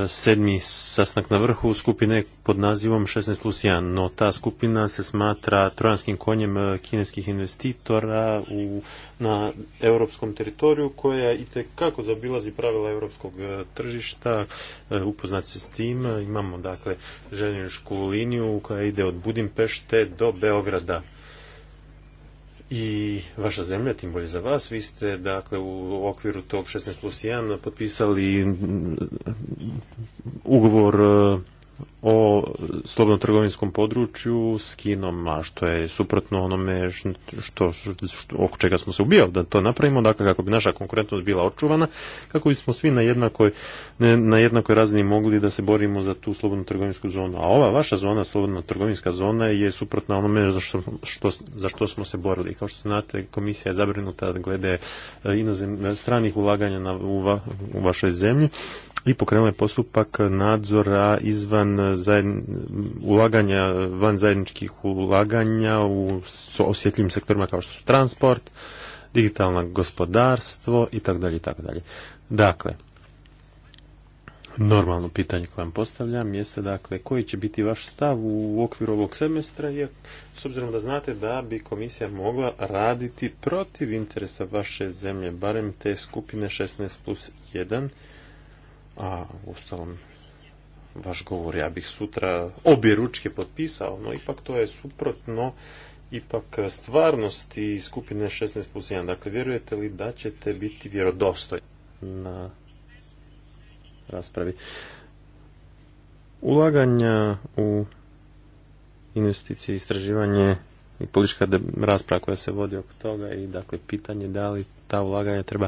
sedmi sastanak na vrhu skupine pod nazivom 16 plus 1, no ta skupina se smatra trojanskim konjem e, kineskih investitora u, na europskom teritoriju koja i kako zabilazi pravila europskog e, tržišta, e, upoznat se s tim, imamo dakle željeničku liniju koja ide od Budimpešte do Beograda i vaša zemlja, tim bolje za vas. Vi ste, dakle, u okviru tog 16 plus 1 potpisali mm, ugovor o slobodnom trgovinskom području s Kinom, a što je suprotno onome što, oko čega smo se ubijali da to napravimo, dakle kako bi naša konkurentnost bila očuvana, kako bismo svi na jednakoj, na jednakoj razini mogli da se borimo za tu slobodnu trgovinsku zonu. A ova vaša zona, slobodna trgovinska zona, je suprotna onome za što, smo se borili. Kao što znate, komisija je zabrinuta glede e, inozem, stranih ulaganja na, u, u vašoj zemlji i pokrenula je postupak nadzora izvan ulaganja, van zajedničkih ulaganja u osjetljivim sektorima kao što su transport, digitalno gospodarstvo i tako dalje i tako dalje. Dakle, normalno pitanje koje vam postavljam jeste dakle koji će biti vaš stav u okviru ovog semestra jer s obzirom da znate da bi komisija mogla raditi protiv interesa vaše zemlje barem te skupine 16 plus a ustalom vaš govor, ja bih sutra obje ručke potpisao, no ipak to je suprotno ipak e, stvarnosti skupine 16 plus 1. Dakle, vjerujete li da ćete biti vjerodostojni na raspravi? Ulaganja u investicije, istraživanje i politička rasprava koja se vodi oko toga i dakle pitanje da li ta ulaganja treba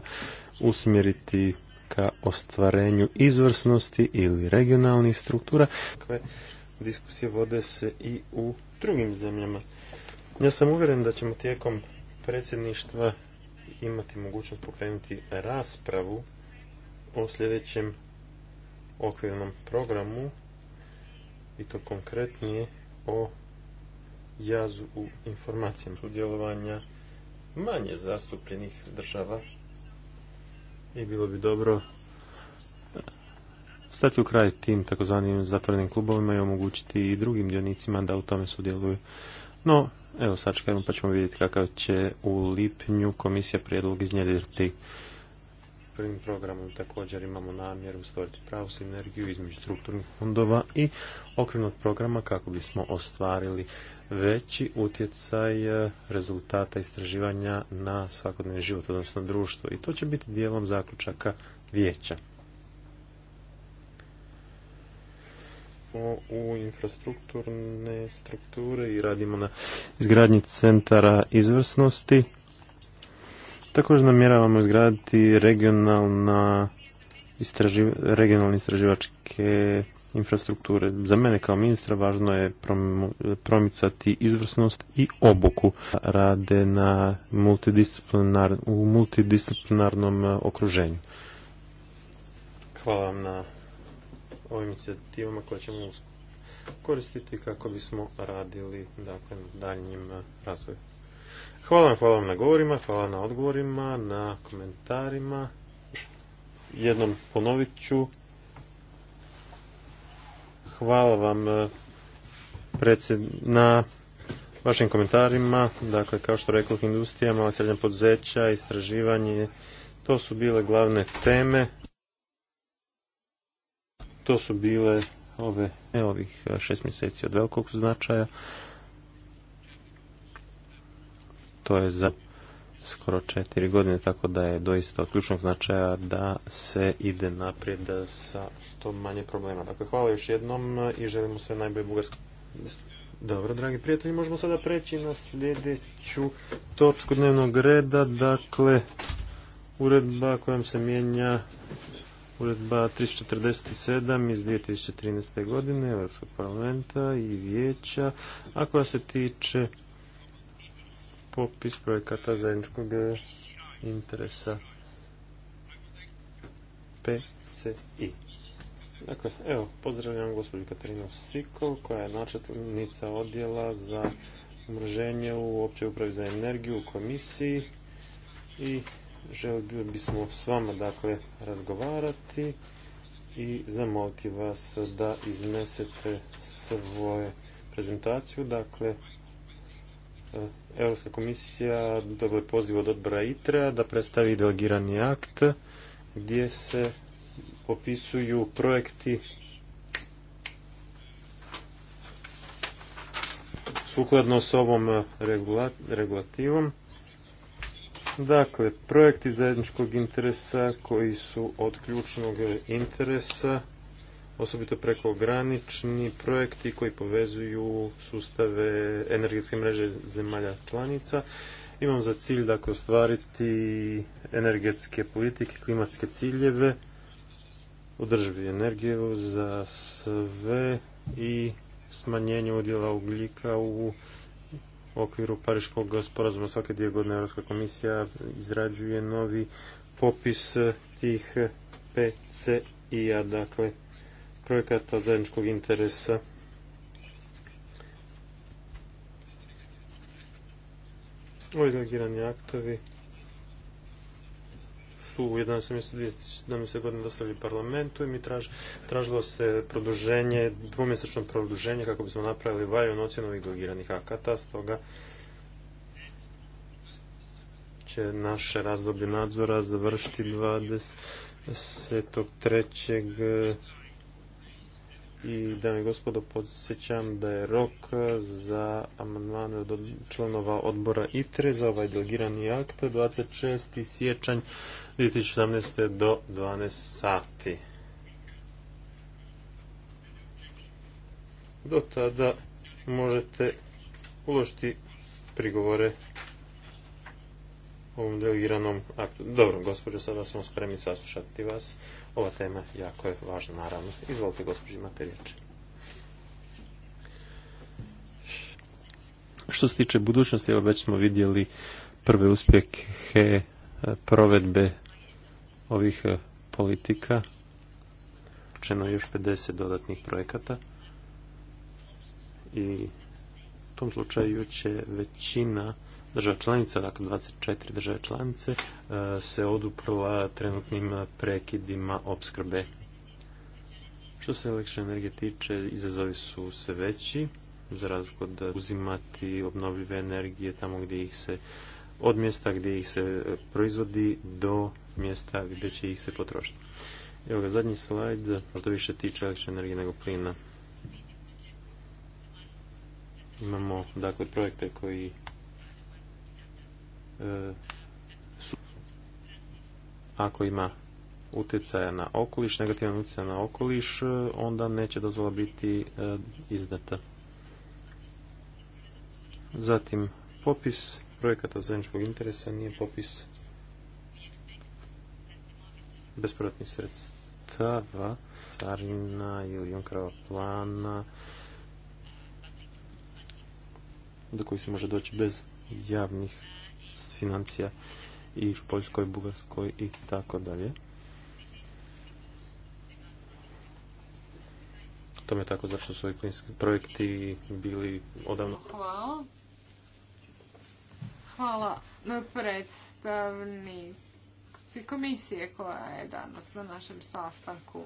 usmjeriti ka ostvarenju izvrsnosti ili regionalnih struktura. Kakve diskusije vode se i u drugim zemljama. Ja sam uvjeren da ćemo tijekom predsjedništva imati mogućnost pokrenuti raspravu o sljedećem okvirnom programu i to konkretnije o jazu u informacijama sudjelovanja manje zastupljenih država i bilo bi dobro stati u kraj tim takozvanim zatvorenim klubovima i omogućiti i drugim dionicima da u tome sudjeluju. No, evo sačekajmo pa ćemo vidjeti kakav će u lipnju komisija prijedlog iznjedriti prvim programom također imamo namjeru stvoriti pravu sinergiju između strukturnih fondova i okrenut programa kako bismo ostvarili veći utjecaj e, rezultata istraživanja na svakodnevni život, odnosno društvo. I to će biti dijelom zaključaka vijeća. u infrastrukturne strukture i radimo na izgradnji centara izvrsnosti Također namjeravamo izgraditi regionalna regionalne istraživačke infrastrukture. Za mene kao ministra važno je promicati izvrsnost i obuku. Rade na u multidisciplinarnom e, okruženju. Hvala vam na ovim inicijativama koje ćemo koristiti kako bismo radili dakle, na daljnjem e, razvoju. Hvala vam, hvala vam na govorima, hvala na odgovorima, na komentarima. Jednom ponovit ću. Hvala vam eh, na vašim komentarima. Dakle, kao što rekao, industrija, mala srednja poduzeća, istraživanje, to su bile glavne teme. To su bile ove, ne, ovih eh, šest mjeseci od velikog značaja to je za skoro četiri godine, tako da je doista od ključnog značaja da se ide naprijed sa što manje problema. Dakle, hvala još jednom i želimo sve najbolje Bugarskoj. Dobro, dragi prijatelji, možemo sada preći na sljedeću točku dnevnog reda, dakle, uredba kojom se mijenja uredba 347 iz 2013. godine Europskog parlamenta i vijeća, a koja se tiče popis projekata zajedničkog e, interesa PCI. Dakle, evo, pozdravljam gospođu Katarinu Sikol, koja je načetnica odjela za umreženje u općoj upravi za energiju u komisiji i želili bismo s vama, dakle, razgovarati i zamoliti vas da iznesete svoje prezentaciju. Dakle, Europska komisija dobila je poziv od odbora ITRA da predstavi delegirani akt gdje se popisuju projekti sukladno s ovom regulativom. Dakle, projekti zajedničkog interesa koji su od ključnog interesa osobito prekogranični projekti koji povezuju sustave energetske mreže zemalja članica. Imamo za cilj dakle ostvariti energetske politike, klimatske ciljeve, održivi energiju za sve i smanjenje udjela ugljika u okviru Pariškog sporazuma svake dvije godine Europska komisija izrađuje novi popis tih PCI-a, dakle projekata zajedničkog interesa. Ovi delegirani aktovi su u 11. mjestu 2017. godine dostavili parlamentu i mi tražilo se produženje, dvomjesečno produženje kako bismo napravili valjanu ocjenu ovih delegiranih akata, stoga će naše razdoblje nadzora završiti 23 i dame i gospodo podsjećam da je rok za amandmane od članova odbora ITRE za ovaj delegirani akt 26. siječanj 2017. do 12 sati. Do tada možete uložiti prigovore ovom delegiranom aktu. Dobro, gospođo, sada smo spremni saslušati vas. Ova tema jako je važna, naravno. Izvolite, gospođi, imate riječ. Što se tiče budućnosti, evo već smo vidjeli prve uspjehe eh, provedbe ovih eh, politika. Učeno je još 50 dodatnih projekata i u tom slučaju će većina država članica, dakle 24 države članice, dakle, e, se oduprla trenutnim prekidima opskrbe. Što se električne energije tiče, izazovi su sve veći, za razliku da uzimati obnovljive energije tamo gdje ih se od mjesta gdje ih se e, proizvodi do mjesta gdje će ih se potrošiti. Evo ga, zadnji slajd, možda više tiče električne energije nego plina. Imamo, dakle, projekte koji E, ako ima utjecaja na okoliš, negativna utjecaja na okoliš, e, onda neće dozvola biti e, izdata. Zatim, popis projekata zajedničkog interesa nije popis bespovratnih sredstava, carina ili Junkerova plana, do kojih se može doći bez javnih financija i u Poljskoj, Bugarskoj i tako dalje. To je tako zašto su ovi projekti bili odavno. Hvala. Hvala predstavnici komisije koja je danas na našem sastanku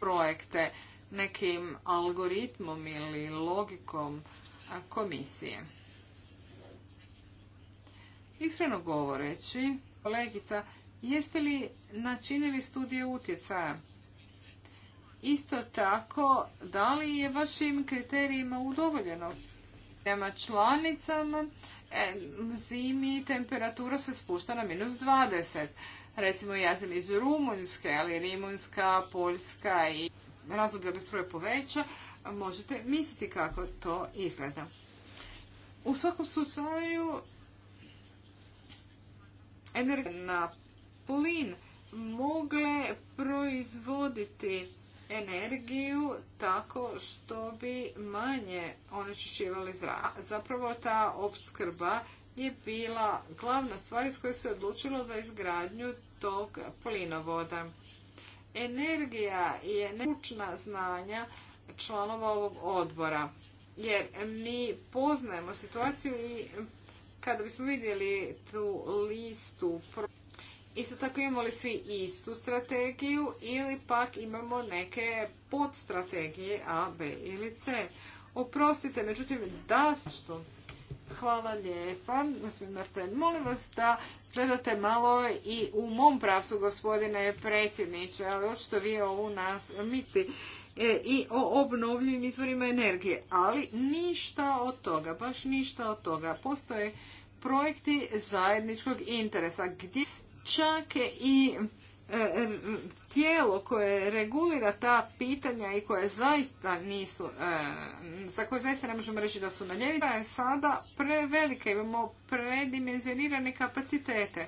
projekte nekim algoritmom ili logikom komisije. Iskreno govoreći, kolegica, jeste li načinili studije utjecaja? Isto tako, da li je vašim kriterijima udovoljeno? Prema članicama e, zimi temperatura se spušta na minus 20. Recimo ja sam iz Rumunjske, ali Rimunjska, Poljska i da struje poveća. Možete misliti kako to izgleda. U svakom slučaju energije na plin mogle proizvoditi energiju tako što bi manje onečišćivali zrak. Zapravo ta opskrba je bila glavna stvar iz koje se odlučilo za izgradnju tog plinovoda. Energija je nemučna znanja članova ovog odbora jer mi poznajemo situaciju i kada bismo vidjeli tu listu Isto tako imamo li svi istu strategiju ili pak imamo neke podstrategije A, B ili C. Oprostite, međutim, da što. Hvala lijepa, Martin. Molim vas da gledate malo i u mom pravcu, gospodine predsjedniče, ali očito vi ovu nas misli E, i o obnovljivim izvorima energije. Ali ništa od toga, baš ništa od toga. Postoje projekti zajedničkog interesa gdje čak i e, tijelo koje regulira ta pitanja i koje zaista nisu, e, za koje zaista ne možemo reći da su na ljevi, je sada prevelika, imamo predimenzionirane kapacitete.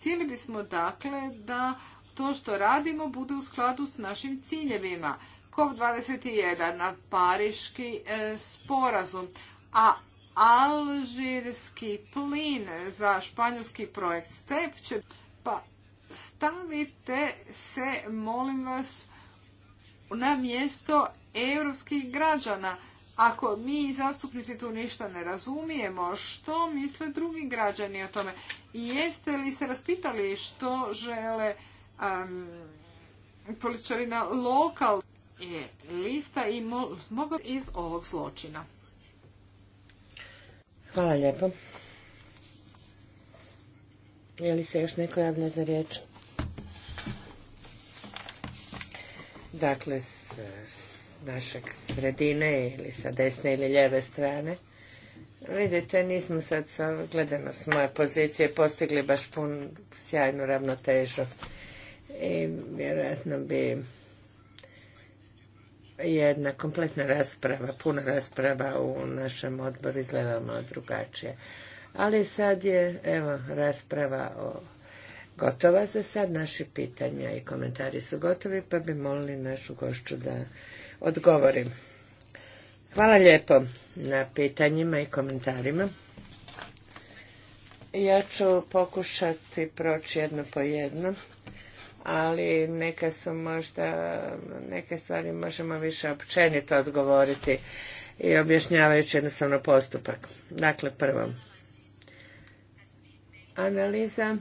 Htjeli bismo dakle da to što radimo bude u skladu s našim ciljevima. COP21, pariški e, sporazum, a alžirski plin za španjolski projekt STEP će... Pa stavite se, molim vas, na mjesto europskih građana. Ako mi zastupnici tu ništa ne razumijemo, što misle drugi građani o tome? I jeste li se raspitali što žele političarina političari je lista i mogu iz ovog zločina. Hvala lijepo. Je li se još neko javlja za riječ? Dakle, s, s našeg sredine ili sa desne ili lijeve strane. Vidite, nismo sad sa, gledano s moje pozicije postigli baš pun sjajnu ravnotežu. I vjerojatno bi jedna kompletna rasprava, puna rasprava u našem odboru izgleda malo drugačije. Ali sad je, evo, rasprava o gotova za sad. Naši pitanja i komentari su gotovi, pa bi molili našu gošću da odgovorim Hvala lijepo na pitanjima i komentarima. Ja ću pokušati proći jedno po jedno ali neke su možda, neke stvari možemo više općenito odgovoriti i objašnjavajući jednostavno postupak. Dakle, prvo, analiza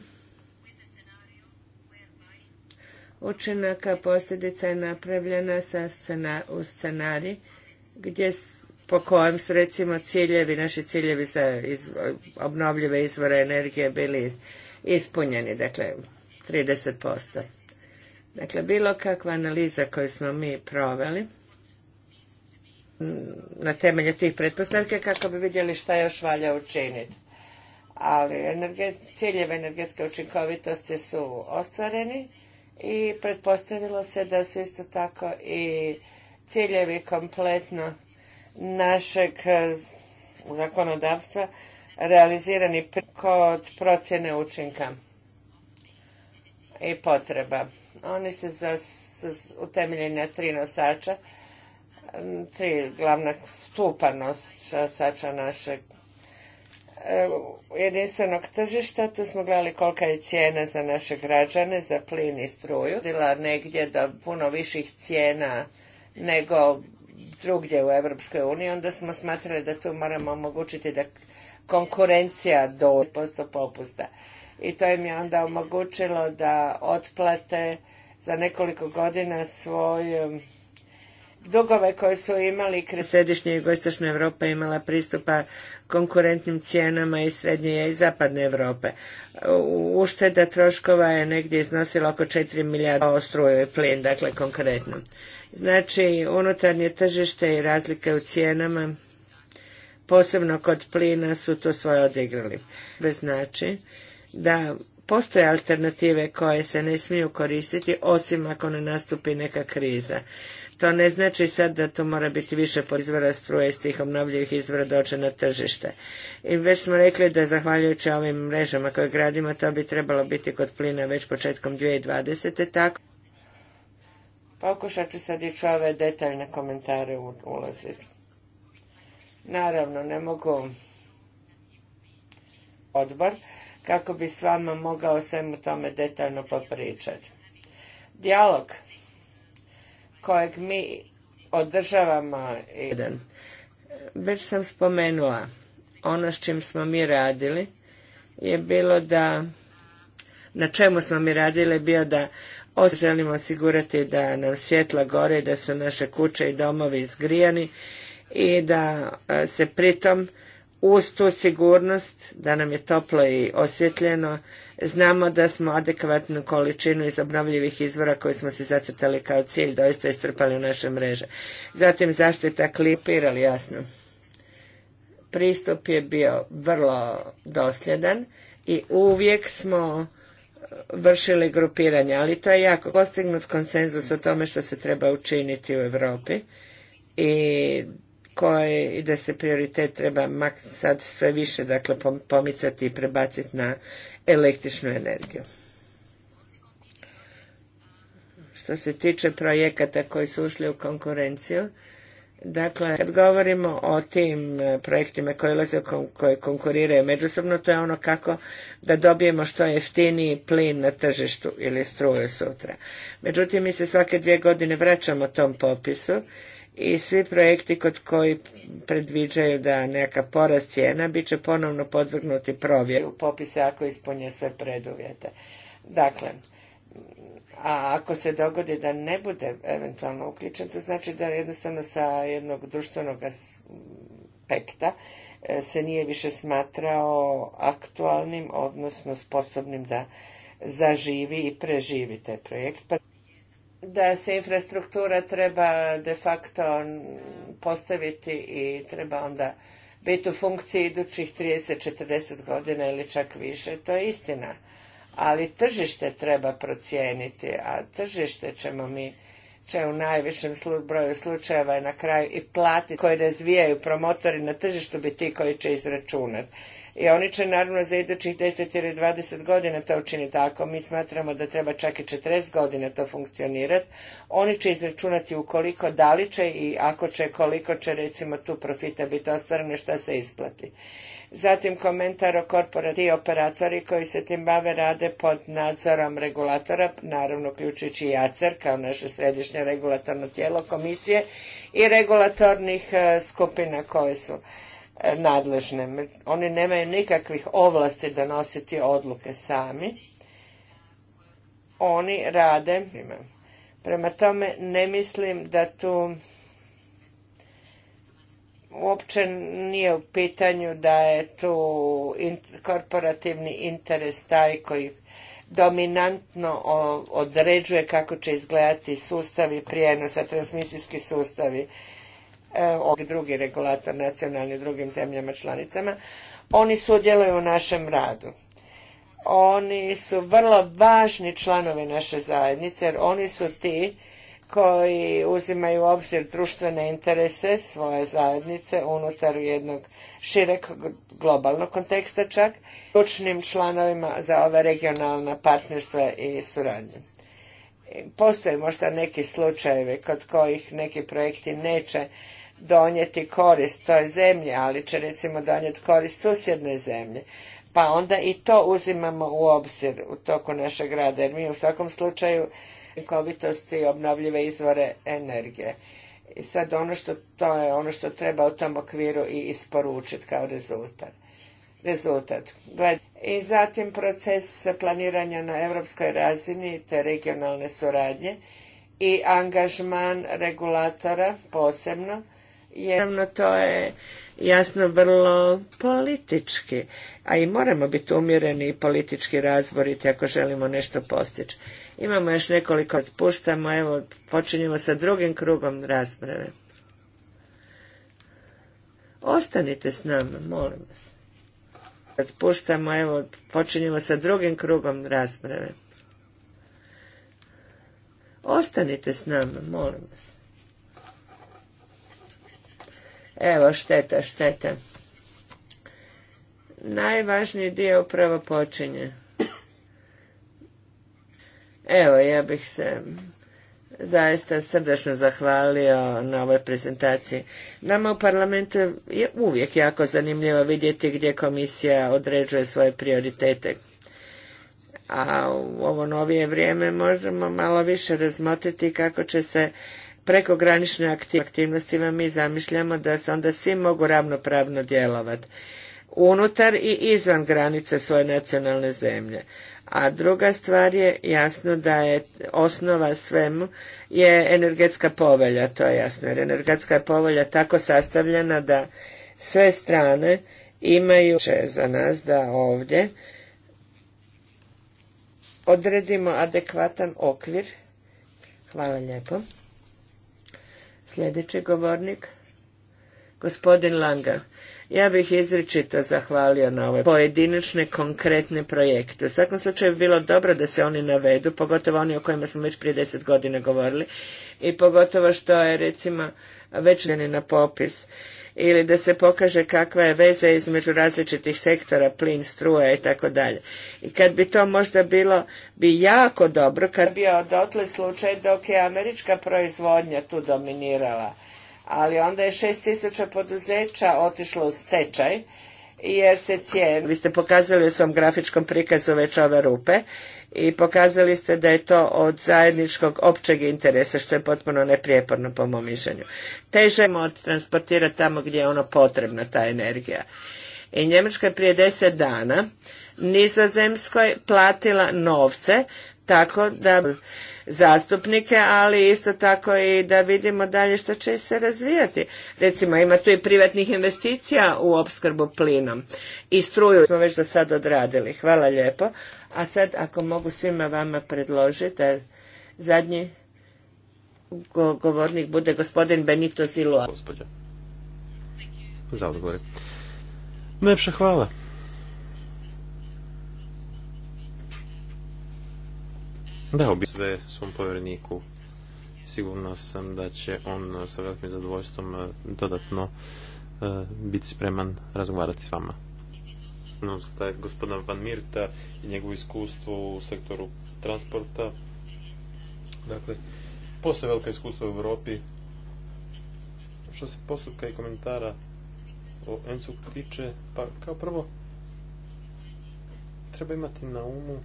učinaka posljedica je napravljena sa u scenarij gdje po kojem su recimo ciljevi, naši ciljevi za obnovljive izvore energije bili ispunjeni. Dakle, 30%. Dakle, bilo kakva analiza koju smo mi proveli mm, na temelju tih pretpostavke kako bi vidjeli šta još valja učiniti. Ali ciljeve energetske učinkovitosti su ostvareni i pretpostavilo se da su isto tako i ciljevi kompletno našeg e, zakonodavstva realizirani kod procjene učinka i potreba. Oni se za, utemeljeni na tri nosača, tri glavna stupa nosača našeg e, jedinstvenog tržišta. Tu smo gledali kolika je cijena za naše građane, za plin i struju. Bila negdje da puno viših cijena nego drugdje u Europskoj uniji, onda smo smatrali da tu moramo omogućiti da konkurencija do posto popusta i to im je onda omogućilo da otplate za nekoliko godina svoj um, dugove koje su imali središnje i jugoistočne Europe imala pristupa konkurentnim cijenama i srednje i zapadne Europe. Ušteda troškova je negdje iznosila oko 4 milijarda ostruje plin, dakle konkretno. Znači, unutarnje tržište i razlike u cijenama, posebno kod plina, su to svoje odigrali. Znači, da postoje alternative koje se ne smiju koristiti osim ako ne nastupi neka kriza. To ne znači sad da tu mora biti više izvora struje iz tih obnovljivih izvora doće na tržište. I već smo rekli da zahvaljujući ovim mrežama koje gradimo to bi trebalo biti kod plina već početkom 2020. tako. Pokušat ću sad ću ove detaljne komentare ulaziti. Naravno, ne mogu odbor kako bi s vama mogao svemu tome detaljno popričati. Dijalog kojeg mi održavamo i... Već sam spomenula, ono s čim smo mi radili je bilo da, na čemu smo mi radili je bio da želimo osigurati da nam svjetla gore i da su naše kuće i domovi izgrijani i da e, se pritom uz tu sigurnost da nam je toplo i osvjetljeno, znamo da smo adekvatnu količinu iz obnovljivih izvora koje smo se zacrtali kao cilj doista istrpali u naše mreže. Zatim zaštita klipirali, jasno. Pristup je bio vrlo dosljedan i uvijek smo vršili grupiranje, ali to je jako postignut konsenzus o tome što se treba učiniti u Europi i koje i da se prioritet treba sad sve više dakle pomicati i prebaciti na električnu energiju. Što se tiče projekata koji su ušli u konkurenciju, Dakle, kad govorimo o tim e, projektima koji ulaze, koji konkuriraju međusobno, to je ono kako da dobijemo što jeftiniji plin na tržištu ili struju sutra. Međutim, mi se svake dvije godine vraćamo tom popisu i svi projekti kod koji predviđaju da neka porast cijena bit će ponovno podvrgnuti provjeru popisa ako ispunje sve preduvjete. Dakle, a ako se dogodi da ne bude eventualno uključen, to znači da jednostavno sa jednog društvenog aspekta e, se nije više smatrao aktualnim, odnosno sposobnim da zaživi i preživi taj projekt da se infrastruktura treba de facto postaviti i treba onda biti u funkciji idućih 30-40 godina ili čak više, to je istina. Ali tržište treba procijeniti, a tržište ćemo mi će u najvišem broju slučajeva na kraju i platiti koji razvijaju promotori na tržištu bi ti koji će izračunati i oni će naravno za idućih 10 ili 20 godina to učiniti. A ako mi smatramo da treba čak i 40 godina to funkcionirati, oni će izračunati ukoliko da li će i ako će, koliko će recimo tu profita biti ostvareno, šta se isplati. Zatim komentar o korporati operatori koji se tim bave rade pod nadzorom regulatora, naravno uključujući i ACER kao naše središnje regulatorno tijelo komisije i regulatornih e, skupina koje su. E, nadležne. Oni nemaju nikakvih ovlasti donositi odluke sami. Oni rade. Prema tome ne mislim da tu uopće nije u pitanju da je tu korporativni interes taj koji dominantno određuje kako će izgledati sustavi prijenosa, transmisijski sustavi E, ovdje drugi regulator nacionalni drugim zemljama članicama, oni sudjeluju u našem radu. Oni su vrlo važni članovi naše zajednice jer oni su ti koji uzimaju u obzir društvene interese svoje zajednice unutar jednog šireg globalnog konteksta čak, ključnim članovima za ove regionalna partnerstva i suradnje postoje možda neki slučajevi kod kojih neki projekti neće donijeti korist toj zemlji, ali će recimo donijeti korist susjedne zemlje. Pa onda i to uzimamo u obzir u toku našeg rada, jer mi u svakom slučaju učinkovitosti obnovljive izvore energije. I sad ono što to je ono što treba u tom okviru i isporučiti kao rezultat. Rezultat. Gledajte, i zatim proces planiranja na europskoj razini te regionalne suradnje i angažman regulatora posebno. Naravno, to je jasno vrlo politički, a i moramo biti umjereni i politički razboriti ako želimo nešto postići. Imamo još nekoliko otpuštamo, evo, počinjemo sa drugim krugom rasprave. Ostanite s nama, molim vas. Puštamo, evo, počinjemo sa drugim krugom rasprave. Ostanite s nama, molim vas. Evo, šteta, šteta. Najvažniji dio upravo počinje. Evo, ja bih se zaista srdačno zahvalio na ovoj prezentaciji. Nama u parlamentu je uvijek jako zanimljivo vidjeti gdje komisija određuje svoje prioritete. A u ovo novije vrijeme možemo malo više razmotriti kako će se prekogranične aktivnostima mi zamišljamo da se onda svi mogu ravnopravno djelovati unutar i izvan granice svoje nacionalne zemlje. A druga stvar je jasno da je osnova svemu je energetska povelja, to je jasno, jer energetska povelja tako sastavljena da sve strane imaju za nas da ovdje odredimo adekvatan okvir. Hvala lijepo. Sljedeći govornik, gospodin Langa. Ja bih izričito zahvalio na ove pojedinačne, konkretne projekte. U svakom slučaju bi bilo dobro da se oni navedu, pogotovo oni o kojima smo već prije deset godina govorili i pogotovo što je recimo već na popis ili da se pokaže kakva je veza između različitih sektora, plin, struja i tako dalje. I kad bi to možda bilo, bi jako dobro kad bi bio dotle slučaj dok je američka proizvodnja tu dominirala ali onda je tisuća poduzeća otišlo u stečaj jer se cijene, vi ste pokazali u svom grafičkom prikazu već ove rupe i pokazali ste da je to od zajedničkog općeg interesa što je potpuno neprijeporno po mom mišljenju. Težemo transportirati tamo gdje je ono potrebna, ta energija. I Njemačka je prije deset dana Nizozemskoj platila novce tako da zastupnike, ali isto tako i da vidimo dalje što će se razvijati. Recimo ima tu i privatnih investicija u opskrbu plinom i struju smo već do sad odradili. Hvala lijepo. A sad ako mogu svima vama predložiti da zadnji govornik bude gospodin Benito Zilo. Gospodin. Za odgovor. Najpša hvala. Da, obi sve svom povjereniku. Sigurno sam da će on sa velikim zadovoljstvom e, dodatno e, biti spreman razgovarati s vama. Da gospodina Van Mirta i njegovo iskustvo u sektoru transporta. Dakle, postoje velika iskustva u Europi. Što se postupka i komentara o Encu tiče, pa kao prvo treba imati na umu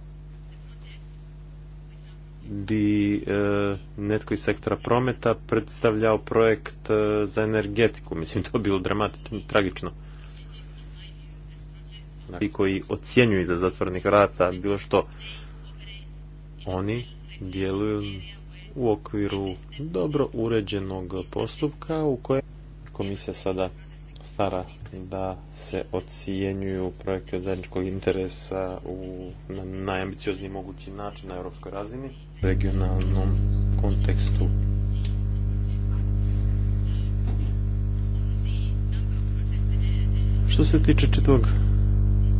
bi e, netko iz sektora prometa predstavljao projekt e, za energetiku. Mislim, to bi bilo dramatično, tragično. Dakle. I koji ocjenjuju za zatvornih vrata bilo što, oni djeluju u okviru dobro uređenog postupka u kojem komisija sada stara da se ocjenjuju projekte od zajedničkog interesa u, na najambiciozniji mogući način na europskoj razini regionalnom kontekstu. Što se tiče čitog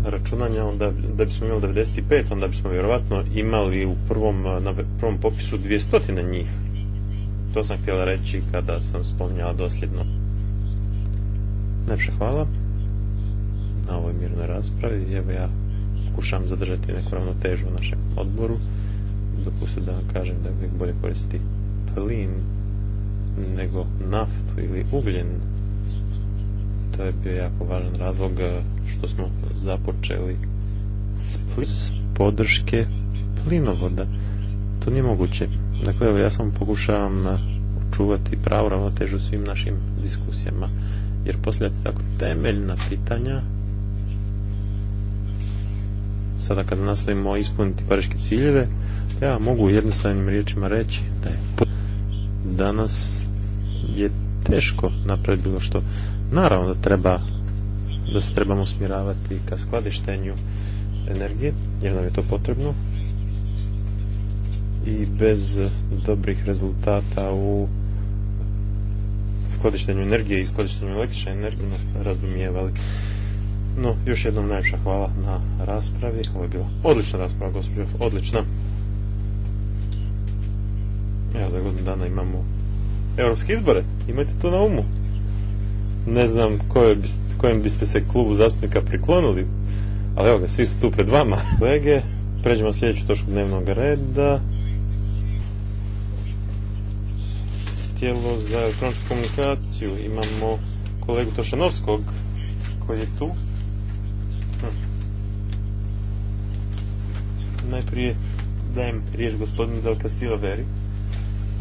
računanja, onda, da bismo imali 95, onda bismo vjerovatno imali u prvom, na prvom popisu 200 njih. To sam htjela reći kada sam spomnjala dosljedno. Najpše hvala na ovoj mirnoj raspravi. Evo ja pokušam zadržati neku ravnotežu u našem odboru dopustiti da kažem da bolje koristiti plin nego naftu ili ugljen. To je bio jako važan razlog eh, što smo započeli s podrške plinovoda. To nije moguće. Dakle, evo, ja sam pokušavam eh, očuvati pravu ravnotežu svim našim diskusijama, jer postavljati tako temeljna pitanja sada kada nastavimo ispuniti pariške ciljeve, ja mogu jednostavnim riječima reći da je danas je teško napraviti bilo što. Naravno da treba da se trebamo usmjeravati ka skladištenju energije, jer nam je to potrebno. I bez dobrih rezultata u skladištenju energije i skladištenju električne energije razumijevali. No, još jednom najviše hvala na raspravi. Ovo je bila odlična rasprava, gospođo, odlična. Evo za godinu dana imamo europske izbore, imajte to na umu. Ne znam kojem biste se klubu zastupnika priklonili, ali evo ga, svi su tu pred vama. Kolege, pređemo sljedeću točku dnevnog reda. Tijelo za elektroničku komunikaciju. Imamo kolegu Tošanovskog koji je tu. Hm. Najprije dajem riječ gospodinu Del Castillo Veri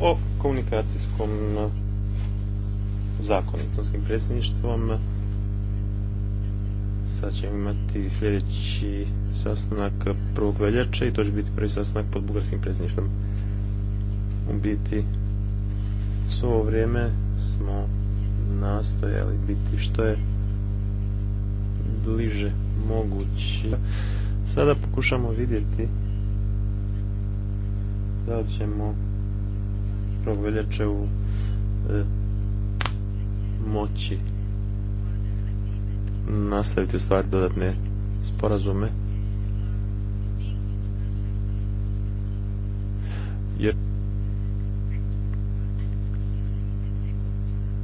o komunikacijskom e, zakonitonskim predsjedništvom. Sad ćemo imati sljedeći sastanak prvog veljače i to će biti prvi sastanak pod bugarskim predsjedništvom. U biti s ovo vrijeme smo nastojali biti što je bliže moguće. Sada pokušamo vidjeti da ćemo 1. veljače u e, moći nastaviti u stvari dodatne sporazume jer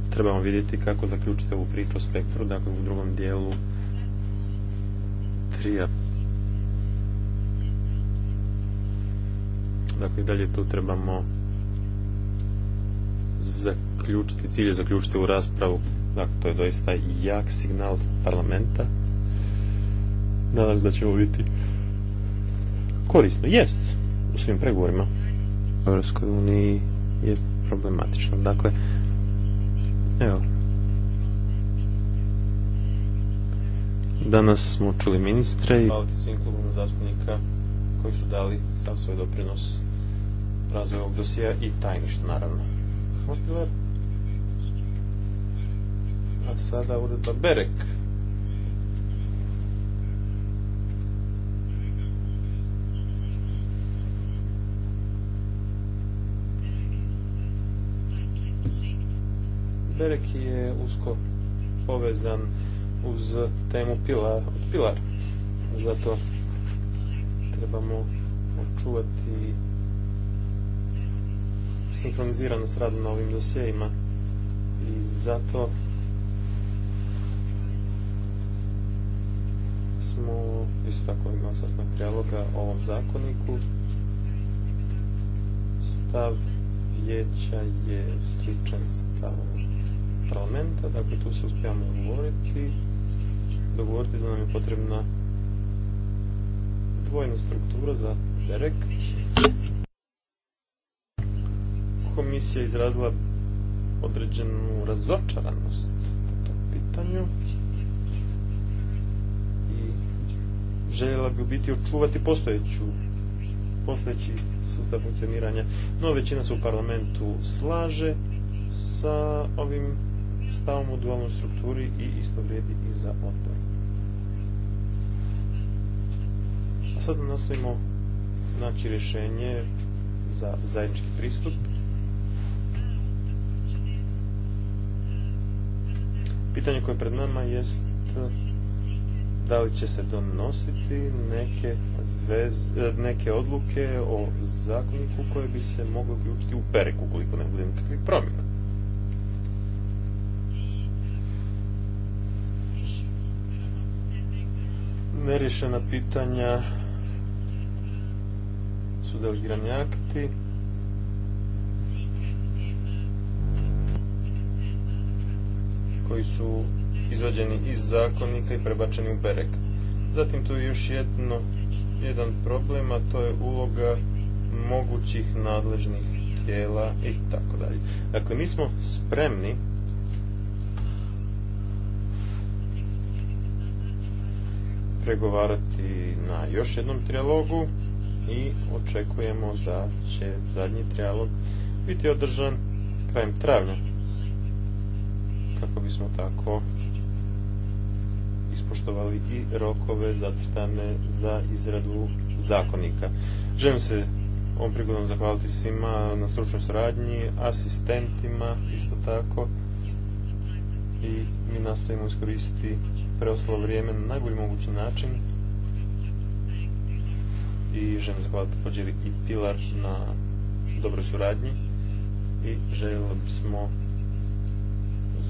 trebamo vidjeti kako zaključite ovu priču o spektru dakle u drugom dijelu trija dakle dalje tu trebamo zaključiti, cilj je zaključiti u raspravu. Dakle, to je doista jak signal parlamenta. Nadam se da ćemo biti korisno. Jest, u svim pregovorima u Europskoj uniji je problematično. Dakle, evo, Danas smo čuli ministre i svim klubom zastupnika koji su dali sav svoj doprinos razvoju ovog dosija i tajništvu naravno. A sada uredba Berek. Berek je usko povezan uz temu pilar, pilar. Zato trebamo očuvati sinkroniziranost s radom na ovim dosjeima i zato smo isto tako imali sastanak prijaloga o ovom zakoniku stav vijeća je sličan stav parlamenta, dakle tu se uspijamo dogovoriti, dogovoriti da nam je potrebna dvojna struktura za direkt. komisija izrazila određenu razočaranost po tom pitanju i željela bi u biti očuvati postojeću postojeći sustav funkcioniranja. No, većina se u parlamentu slaže sa ovim stavom u dualnoj strukturi i isto vrijedi i za odbor. A sada nastojimo naći rješenje za zajednički pristup Pitanje koje je pred nama jest da li će se donositi neke, e, neke odluke o zakoniku koje bi se mogle uključiti u perek ukoliko ne bude nikakvih promjena. Nerješena pitanja su delegirani akti, koji su izvađeni iz zakonika i prebačeni u berek. Zatim tu je još jedno, jedan problem, a to je uloga mogućih nadležnih tijela i tako dalje. Dakle, mi smo spremni pregovarati na još jednom trijalogu i očekujemo da će zadnji trijalog biti održan krajem travnja kako bismo tako ispoštovali i rokove zacrtane za izradu zakonika. Želim se ovom prigodom zahvaliti svima na stručnoj suradnji, asistentima isto tako i mi nastavimo iskoristiti preostalo vrijeme na najbolji mogući način i želim zahvaliti također i Pilar na dobroj suradnji i željeli smo